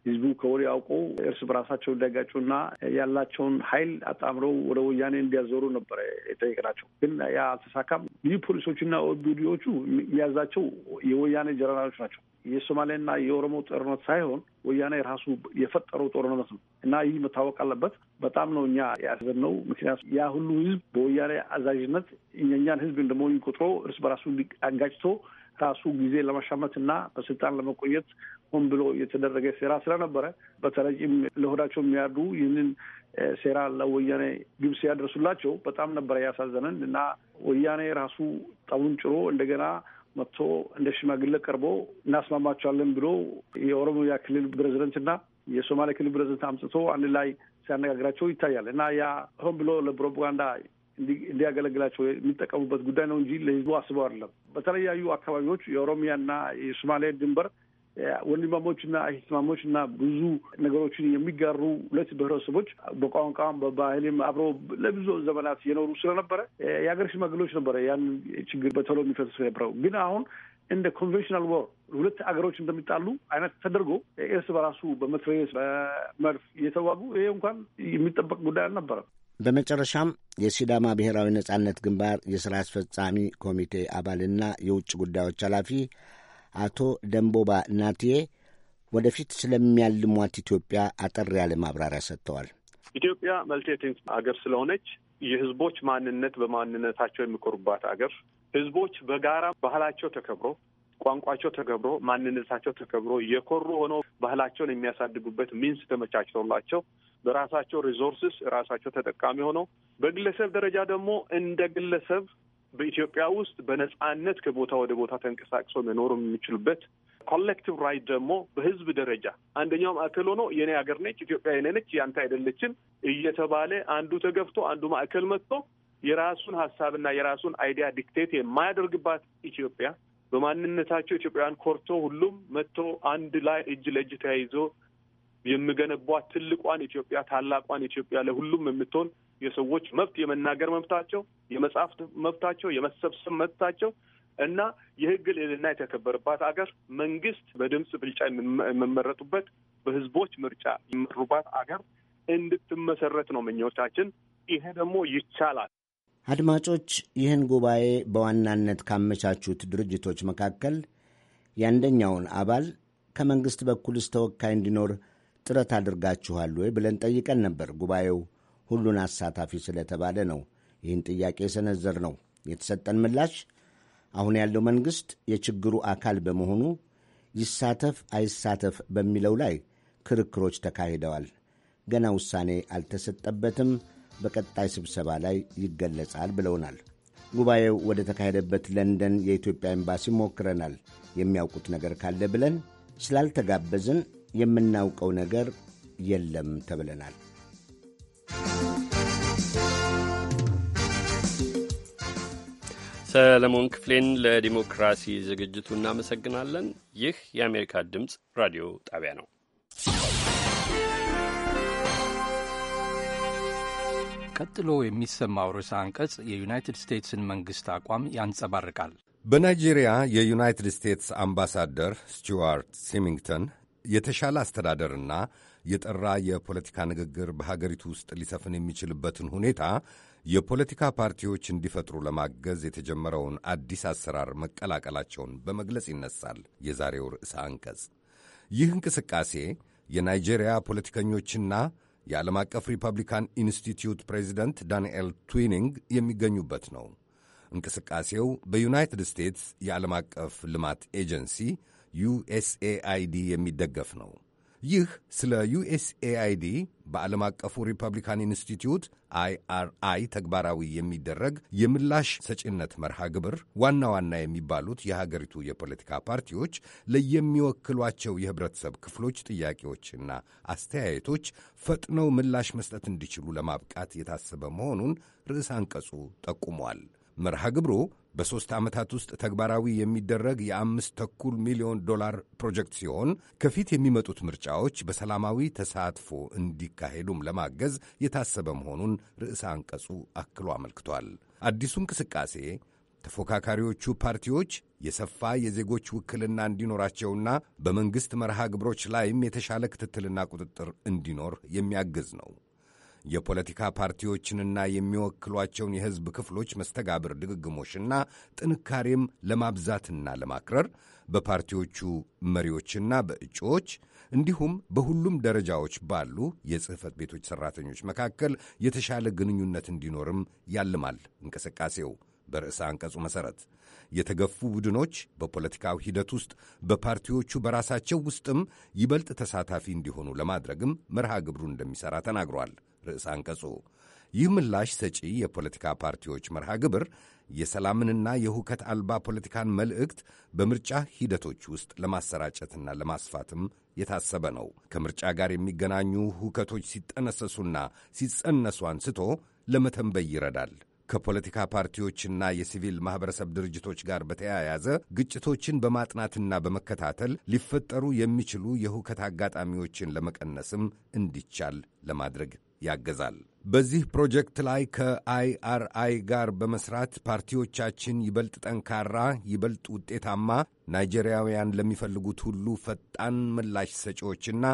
ህዝቡ ከወሬ አውቆ እርስ በራሳቸው እንዲያጋጩና ያላቸውን ሀይል አጣምረው ወደ ወያኔ እንዲያዞሩ ነበረ የጠየቅናቸው። ግን ያ አልተሳካም። ልዩ ፖሊሶቹና ኦቢዲዎቹ የሚያዛቸው የወያኔ ጀነራሎች ናቸው። የሶማሌና የኦሮሞ ጦርነት ሳይሆን ወያኔ ራሱ የፈጠረው ጦርነት ነው እና ይህ መታወቅ አለበት። በጣም ነው እኛ ያዘነው። ምክንያቱ ያ ሁሉ ህዝብ በወያኔ አዛዥነት የእኛን ህዝብ እንደመሆኑ ቆጥሮ እርስ በራሱ አጋጭቶ ራሱ ጊዜ ለማሻመት እና በስልጣን ለመቆየት ሆን ብሎ የተደረገ ሴራ ስለነበረ በተለይም ለሆዳቸው የሚያርዱ ይህንን ሴራ ለወያኔ ግብስ ያደርሱላቸው በጣም ነበረ ያሳዘነን እና ወያኔ ራሱ ጠቡን ጭሮ እንደገና መጥቶ እንደ ሽማግሌ ቀርቦ እናስማማቸዋለን ብሎ የኦሮሚያ ክልል ፕሬዚደንትና የሶማሌ ክልል ፕሬዚደንት አምጥቶ አንድ ላይ ሲያነጋግራቸው ይታያል እና ያ ሆን ብሎ ለፕሮፓጋንዳ እንዲያገለግላቸው የሚጠቀሙበት ጉዳይ ነው እንጂ ለህዝቡ አስበው አይደለም። በተለያዩ አካባቢዎች የኦሮሚያና የሶማሌ ድንበር ወንድማሞችና እና ብዙ ነገሮችን የሚጋሩ ሁለት ብሔረሰቦች በቋንቋም በባህልም አብረው ለብዙ ዘመናት የኖሩ ስለነበረ የሀገር ሽማግሌዎች ነበረ ያን ችግር በቶሎ የሚፈትሱ ነበረው። ግን አሁን እንደ ኮንቬንሽናል ወር ሁለት አገሮች እንደሚጣሉ አይነት ተደርጎ እርስ በራሱ በመትረየስ በመድፍ እየተዋጉ ይሄ እንኳን የሚጠበቅ ጉዳይ አልነበረም። በመጨረሻም የሲዳማ ብሔራዊ ነጻነት ግንባር የስራ አስፈጻሚ ኮሚቴ አባልና የውጭ ጉዳዮች ኃላፊ አቶ ደንቦባ ናትዬ ወደፊት ስለሚያልሟት ኢትዮጵያ አጠር ያለ ማብራሪያ ሰጥተዋል። ኢትዮጵያ መልቴቲንግ አገር ስለሆነች የህዝቦች ማንነት በማንነታቸው የሚኮሩባት አገር ህዝቦች በጋራ ባህላቸው ተከብሮ ቋንቋቸው ተከብሮ ማንነታቸው ተከብሮ የኮሩ ሆኖ ባህላቸውን የሚያሳድጉበት ሚንስ ተመቻችቶላቸው በራሳቸው ሪዞርስስ ራሳቸው ተጠቃሚ ሆነው በግለሰብ ደረጃ ደግሞ እንደ ግለሰብ በኢትዮጵያ ውስጥ በነጻነት ከቦታ ወደ ቦታ ተንቀሳቅሶ መኖር የሚችሉበት ኮሌክቲቭ ራይት ደግሞ በህዝብ ደረጃ አንደኛው ማዕከል ሆኖ የኔ ሀገር ነች ኢትዮጵያ የኔ ነች ያንተ አይደለችም እየተባለ አንዱ ተገፍቶ አንዱ ማዕከል መጥቶ የራሱን ሀሳብና የራሱን አይዲያ ዲክቴት የማያደርግባት ኢትዮጵያ በማንነታቸው ኢትዮጵያውያን ኮርቶ ሁሉም መጥቶ አንድ ላይ እጅ ለእጅ ተያይዞ የምገነቧት ትልቋን ኢትዮጵያ ታላቋን ኢትዮጵያ ለሁሉም የምትሆን የሰዎች መብት የመናገር መብታቸው፣ የመጻፍ መብታቸው፣ የመሰብሰብ መብታቸው እና የሕግ ልዕልና የተከበረባት አገር መንግስት በድምፅ ብልጫ የሚመረጡበት በህዝቦች ምርጫ የሚመሩባት አገር እንድትመሰረት ነው ምኞቻችን። ይሄ ደግሞ ይቻላል። አድማጮች፣ ይህን ጉባኤ በዋናነት ካመቻቹት ድርጅቶች መካከል የአንደኛውን አባል ከመንግስት በኩል ተወካይ እንዲኖር ጥረት አድርጋችኋል ወይ ብለን ጠይቀን ነበር። ጉባኤው ሁሉን አሳታፊ ስለተባለ ነው ይህን ጥያቄ የሰነዘር ነው። የተሰጠን ምላሽ አሁን ያለው መንግሥት የችግሩ አካል በመሆኑ ይሳተፍ አይሳተፍ በሚለው ላይ ክርክሮች ተካሂደዋል። ገና ውሳኔ አልተሰጠበትም፣ በቀጣይ ስብሰባ ላይ ይገለጻል ብለውናል። ጉባኤው ወደ ተካሄደበት ለንደን የኢትዮጵያ ኤምባሲ ሞክረናል። የሚያውቁት ነገር ካለ ብለን ስላልተጋበዝን የምናውቀው ነገር የለም ተብለናል። ሰለሞን ክፍሌን ለዲሞክራሲ ዝግጅቱ እናመሰግናለን። ይህ የአሜሪካ ድምፅ ራዲዮ ጣቢያ ነው። ቀጥሎ የሚሰማው ርዕሰ አንቀጽ የዩናይትድ ስቴትስን መንግሥት አቋም ያንጸባርቃል። በናይጄሪያ የዩናይትድ ስቴትስ አምባሳደር ስቲዋርት ሲሚንግተን የተሻለ አስተዳደርና የጠራ የፖለቲካ ንግግር በሀገሪቱ ውስጥ ሊሰፍን የሚችልበትን ሁኔታ የፖለቲካ ፓርቲዎች እንዲፈጥሩ ለማገዝ የተጀመረውን አዲስ አሰራር መቀላቀላቸውን በመግለጽ ይነሳል የዛሬው ርዕሰ አንቀጽ። ይህ እንቅስቃሴ የናይጄሪያ ፖለቲከኞችና የዓለም አቀፍ ሪፐብሊካን ኢንስቲትዩት ፕሬዚደንት ዳንኤል ትዊኒንግ የሚገኙበት ነው። እንቅስቃሴው በዩናይትድ ስቴትስ የዓለም አቀፍ ልማት ኤጀንሲ ዩኤስኤአይዲ የሚደገፍ ነው። ይህ ስለ ዩኤስኤአይዲ በዓለም አቀፉ ሪፐብሊካን ኢንስቲትዩት አይአርአይ ተግባራዊ የሚደረግ የምላሽ ሰጪነት መርሃ ግብር ዋና ዋና የሚባሉት የሀገሪቱ የፖለቲካ ፓርቲዎች ለየሚወክሏቸው የህብረተሰብ ክፍሎች ጥያቄዎችና አስተያየቶች ፈጥነው ምላሽ መስጠት እንዲችሉ ለማብቃት የታሰበ መሆኑን ርዕስ አንቀጹ ጠቁሟል። መርሃ ግብሩ በሦስት ዓመታት ውስጥ ተግባራዊ የሚደረግ የአምስት ተኩል ሚሊዮን ዶላር ፕሮጀክት ሲሆን ከፊት የሚመጡት ምርጫዎች በሰላማዊ ተሳትፎ እንዲካሄዱም ለማገዝ የታሰበ መሆኑን ርዕሰ አንቀጹ አክሎ አመልክቷል። አዲሱ እንቅስቃሴ ተፎካካሪዎቹ ፓርቲዎች የሰፋ የዜጎች ውክልና እንዲኖራቸውና በመንግሥት መርሃ ግብሮች ላይም የተሻለ ክትትልና ቁጥጥር እንዲኖር የሚያግዝ ነው። የፖለቲካ ፓርቲዎችንና የሚወክሏቸውን የሕዝብ ክፍሎች መስተጋብር ድግግሞሽና ጥንካሬም ለማብዛትና ለማክረር በፓርቲዎቹ መሪዎችና በእጩዎች እንዲሁም በሁሉም ደረጃዎች ባሉ የጽህፈት ቤቶች ሠራተኞች መካከል የተሻለ ግንኙነት እንዲኖርም ያልማል እንቅስቃሴው። በርዕሰ አንቀጹ መሠረት የተገፉ ቡድኖች በፖለቲካው ሂደት ውስጥ በፓርቲዎቹ በራሳቸው ውስጥም ይበልጥ ተሳታፊ እንዲሆኑ ለማድረግም መርሃ ግብሩ እንደሚሠራ ተናግሯል። ርዕስ አንቀጹ። ይህ ምላሽ ሰጪ የፖለቲካ ፓርቲዎች መርሃ ግብር የሰላምንና የሁከት አልባ ፖለቲካን መልእክት በምርጫ ሂደቶች ውስጥ ለማሰራጨትና ለማስፋትም የታሰበ ነው። ከምርጫ ጋር የሚገናኙ ሁከቶች ሲጠነሰሱና ሲጸነሱ አንስቶ ለመተንበይ ይረዳል። ከፖለቲካ ፓርቲዎችና የሲቪል ማኅበረሰብ ድርጅቶች ጋር በተያያዘ ግጭቶችን በማጥናትና በመከታተል ሊፈጠሩ የሚችሉ የሁከት አጋጣሚዎችን ለመቀነስም እንዲቻል ለማድረግ ያገዛል። በዚህ ፕሮጀክት ላይ ከአይአርአይ ጋር በመስራት ፓርቲዎቻችን ይበልጥ ጠንካራ፣ ይበልጥ ውጤታማ፣ ናይጄሪያውያን ለሚፈልጉት ሁሉ ፈጣን ምላሽ ሰጪዎችና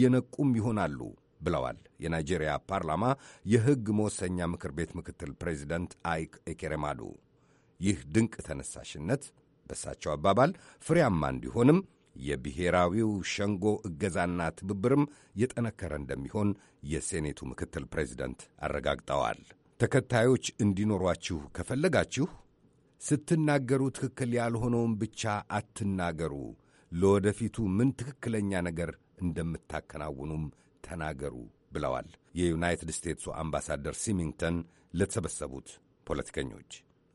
የነቁም ይሆናሉ ብለዋል የናይጄሪያ ፓርላማ የሕግ መወሰኛ ምክር ቤት ምክትል ፕሬዚደንት አይክ ኤኬሬማዱ። ይህ ድንቅ ተነሳሽነት በሳቸው አባባል ፍሬያማ እንዲሆንም የብሔራዊው ሸንጎ እገዛና ትብብርም የጠነከረ እንደሚሆን የሴኔቱ ምክትል ፕሬዚደንት አረጋግጠዋል። ተከታዮች እንዲኖሯችሁ ከፈለጋችሁ ስትናገሩ ትክክል ያልሆነውን ብቻ አትናገሩ፣ ለወደፊቱ ምን ትክክለኛ ነገር እንደምታከናውኑም ተናገሩ ብለዋል የዩናይትድ ስቴትሱ አምባሳደር ሲሚንግተን ለተሰበሰቡት ፖለቲከኞች።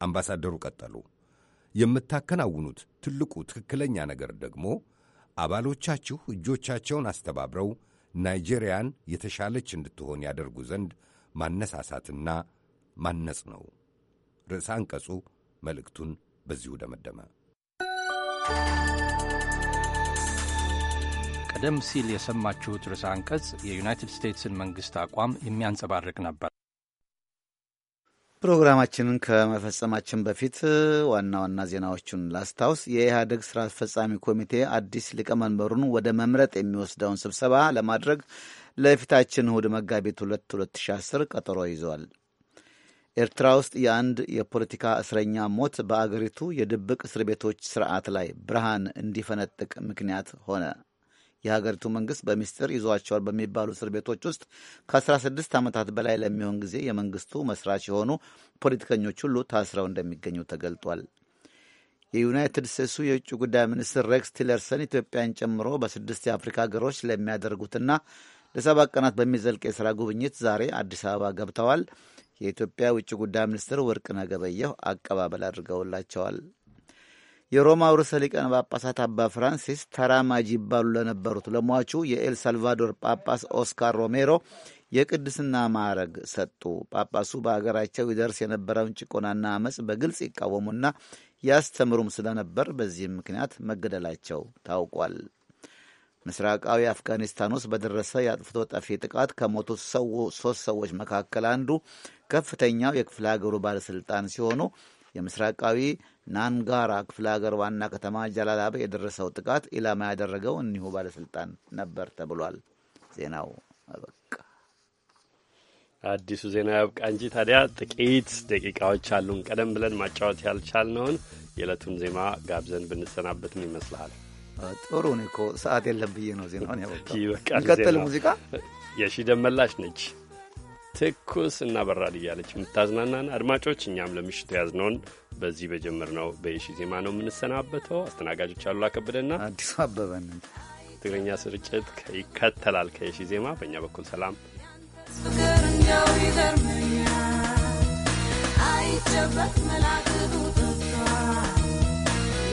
አምባሳደሩ ቀጠሉ። የምታከናውኑት ትልቁ ትክክለኛ ነገር ደግሞ አባሎቻችሁ እጆቻቸውን አስተባብረው ናይጄሪያን የተሻለች እንድትሆን ያደርጉ ዘንድ ማነሳሳትና ማነጽ ነው። ርዕሰ አንቀጹ መልእክቱን በዚሁ ደመደመ። ቀደም ሲል የሰማችሁት ርዕሰ አንቀጽ የዩናይትድ ስቴትስን መንግሥት አቋም የሚያንጸባርቅ ነበር። ፕሮግራማችንን ከመፈጸማችን በፊት ዋና ዋና ዜናዎቹን ላስታውስ። የኢህአደግ ስራ አስፈጻሚ ኮሚቴ አዲስ ሊቀመንበሩን ወደ መምረጥ የሚወስደውን ስብሰባ ለማድረግ ለፊታችን እሁድ መጋቢት 2 2010 ቀጠሮ ይዘዋል። ኤርትራ ውስጥ የአንድ የፖለቲካ እስረኛ ሞት በአገሪቱ የድብቅ እስር ቤቶች ስርዓት ላይ ብርሃን እንዲፈነጥቅ ምክንያት ሆነ። የሀገሪቱ መንግስት በሚስጥር ይዟቸዋል በሚባሉ እስር ቤቶች ውስጥ ከ16 ዓመታት በላይ ለሚሆን ጊዜ የመንግስቱ መስራች የሆኑ ፖለቲከኞች ሁሉ ታስረው እንደሚገኙ ተገልጧል። የዩናይትድ ስቴትሱ የውጭ ጉዳይ ሚኒስትር ሬክስ ቲለርሰን ኢትዮጵያን ጨምሮ በስድስት የአፍሪካ ሀገሮች ለሚያደርጉትና ለሰባት ቀናት በሚዘልቅ የሥራ ጉብኝት ዛሬ አዲስ አበባ ገብተዋል። የኢትዮጵያ ውጭ ጉዳይ ሚኒስትር ወርቅነህ ገበየሁ አቀባበል አድርገውላቸዋል። የሮማው ርዕሰ ሊቃነ ጳጳሳት አባ ፍራንሲስ ተራማጅ ይባሉ ለነበሩት ለሟቹ የኤል ሳልቫዶር ጳጳስ ኦስካር ሮሜሮ የቅድስና ማዕረግ ሰጡ። ጳጳሱ በሀገራቸው ይደርስ የነበረውን ጭቆናና አመፅ በግልጽ ይቃወሙና ያስተምሩም ስለነበር በዚህም ምክንያት መገደላቸው ታውቋል። ምስራቃዊ አፍጋኒስታን ውስጥ በደረሰ የአጥፍቶ ጠፊ ጥቃት ከሞቱት ሶስት ሰዎች መካከል አንዱ ከፍተኛው የክፍለ ሀገሩ ባለሥልጣን ሲሆኑ የምስራቃዊ ናንጋራ ክፍለ ሀገር ዋና ከተማ ጃላላበ የደረሰው ጥቃት ኢላማ ያደረገው እኒሁ ባለስልጣን ነበር ተብሏል። ዜናው አበቃ። አዲሱ ዜና ያብቃ እንጂ ታዲያ ጥቂት ደቂቃዎች አሉን። ቀደም ብለን ማጫወት ያልቻልነውን የዕለቱን ዜማ ጋብዘን ብንሰናበትም ይመስልሃል? ጥሩ እኔ እኮ ሰዓት የለም ብዬ ነው ዜናውን ያበቃ። ይቀጥል ሙዚቃ የሺ ደመላሽ ነች። ትኩስ እና በራድ እያለች የምታዝናናን አድማጮች፣ እኛም ለምሽቱ ያዝነውን በዚህ በጀምር ነው በየሺ ዜማ ነው የምንሰናበተው። አስተናጋጆች አሉላ ከበደና አዲሱ አበበን። ትግርኛ ስርጭት ይከተላል ከየሺ ዜማ። በእኛ በኩል ሰላም ፍቅር እንዲያው ይገርመኛል አይጨበት መላክቱ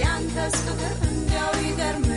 ያንተስ ፍቅር እንዲያው ይገርመኛል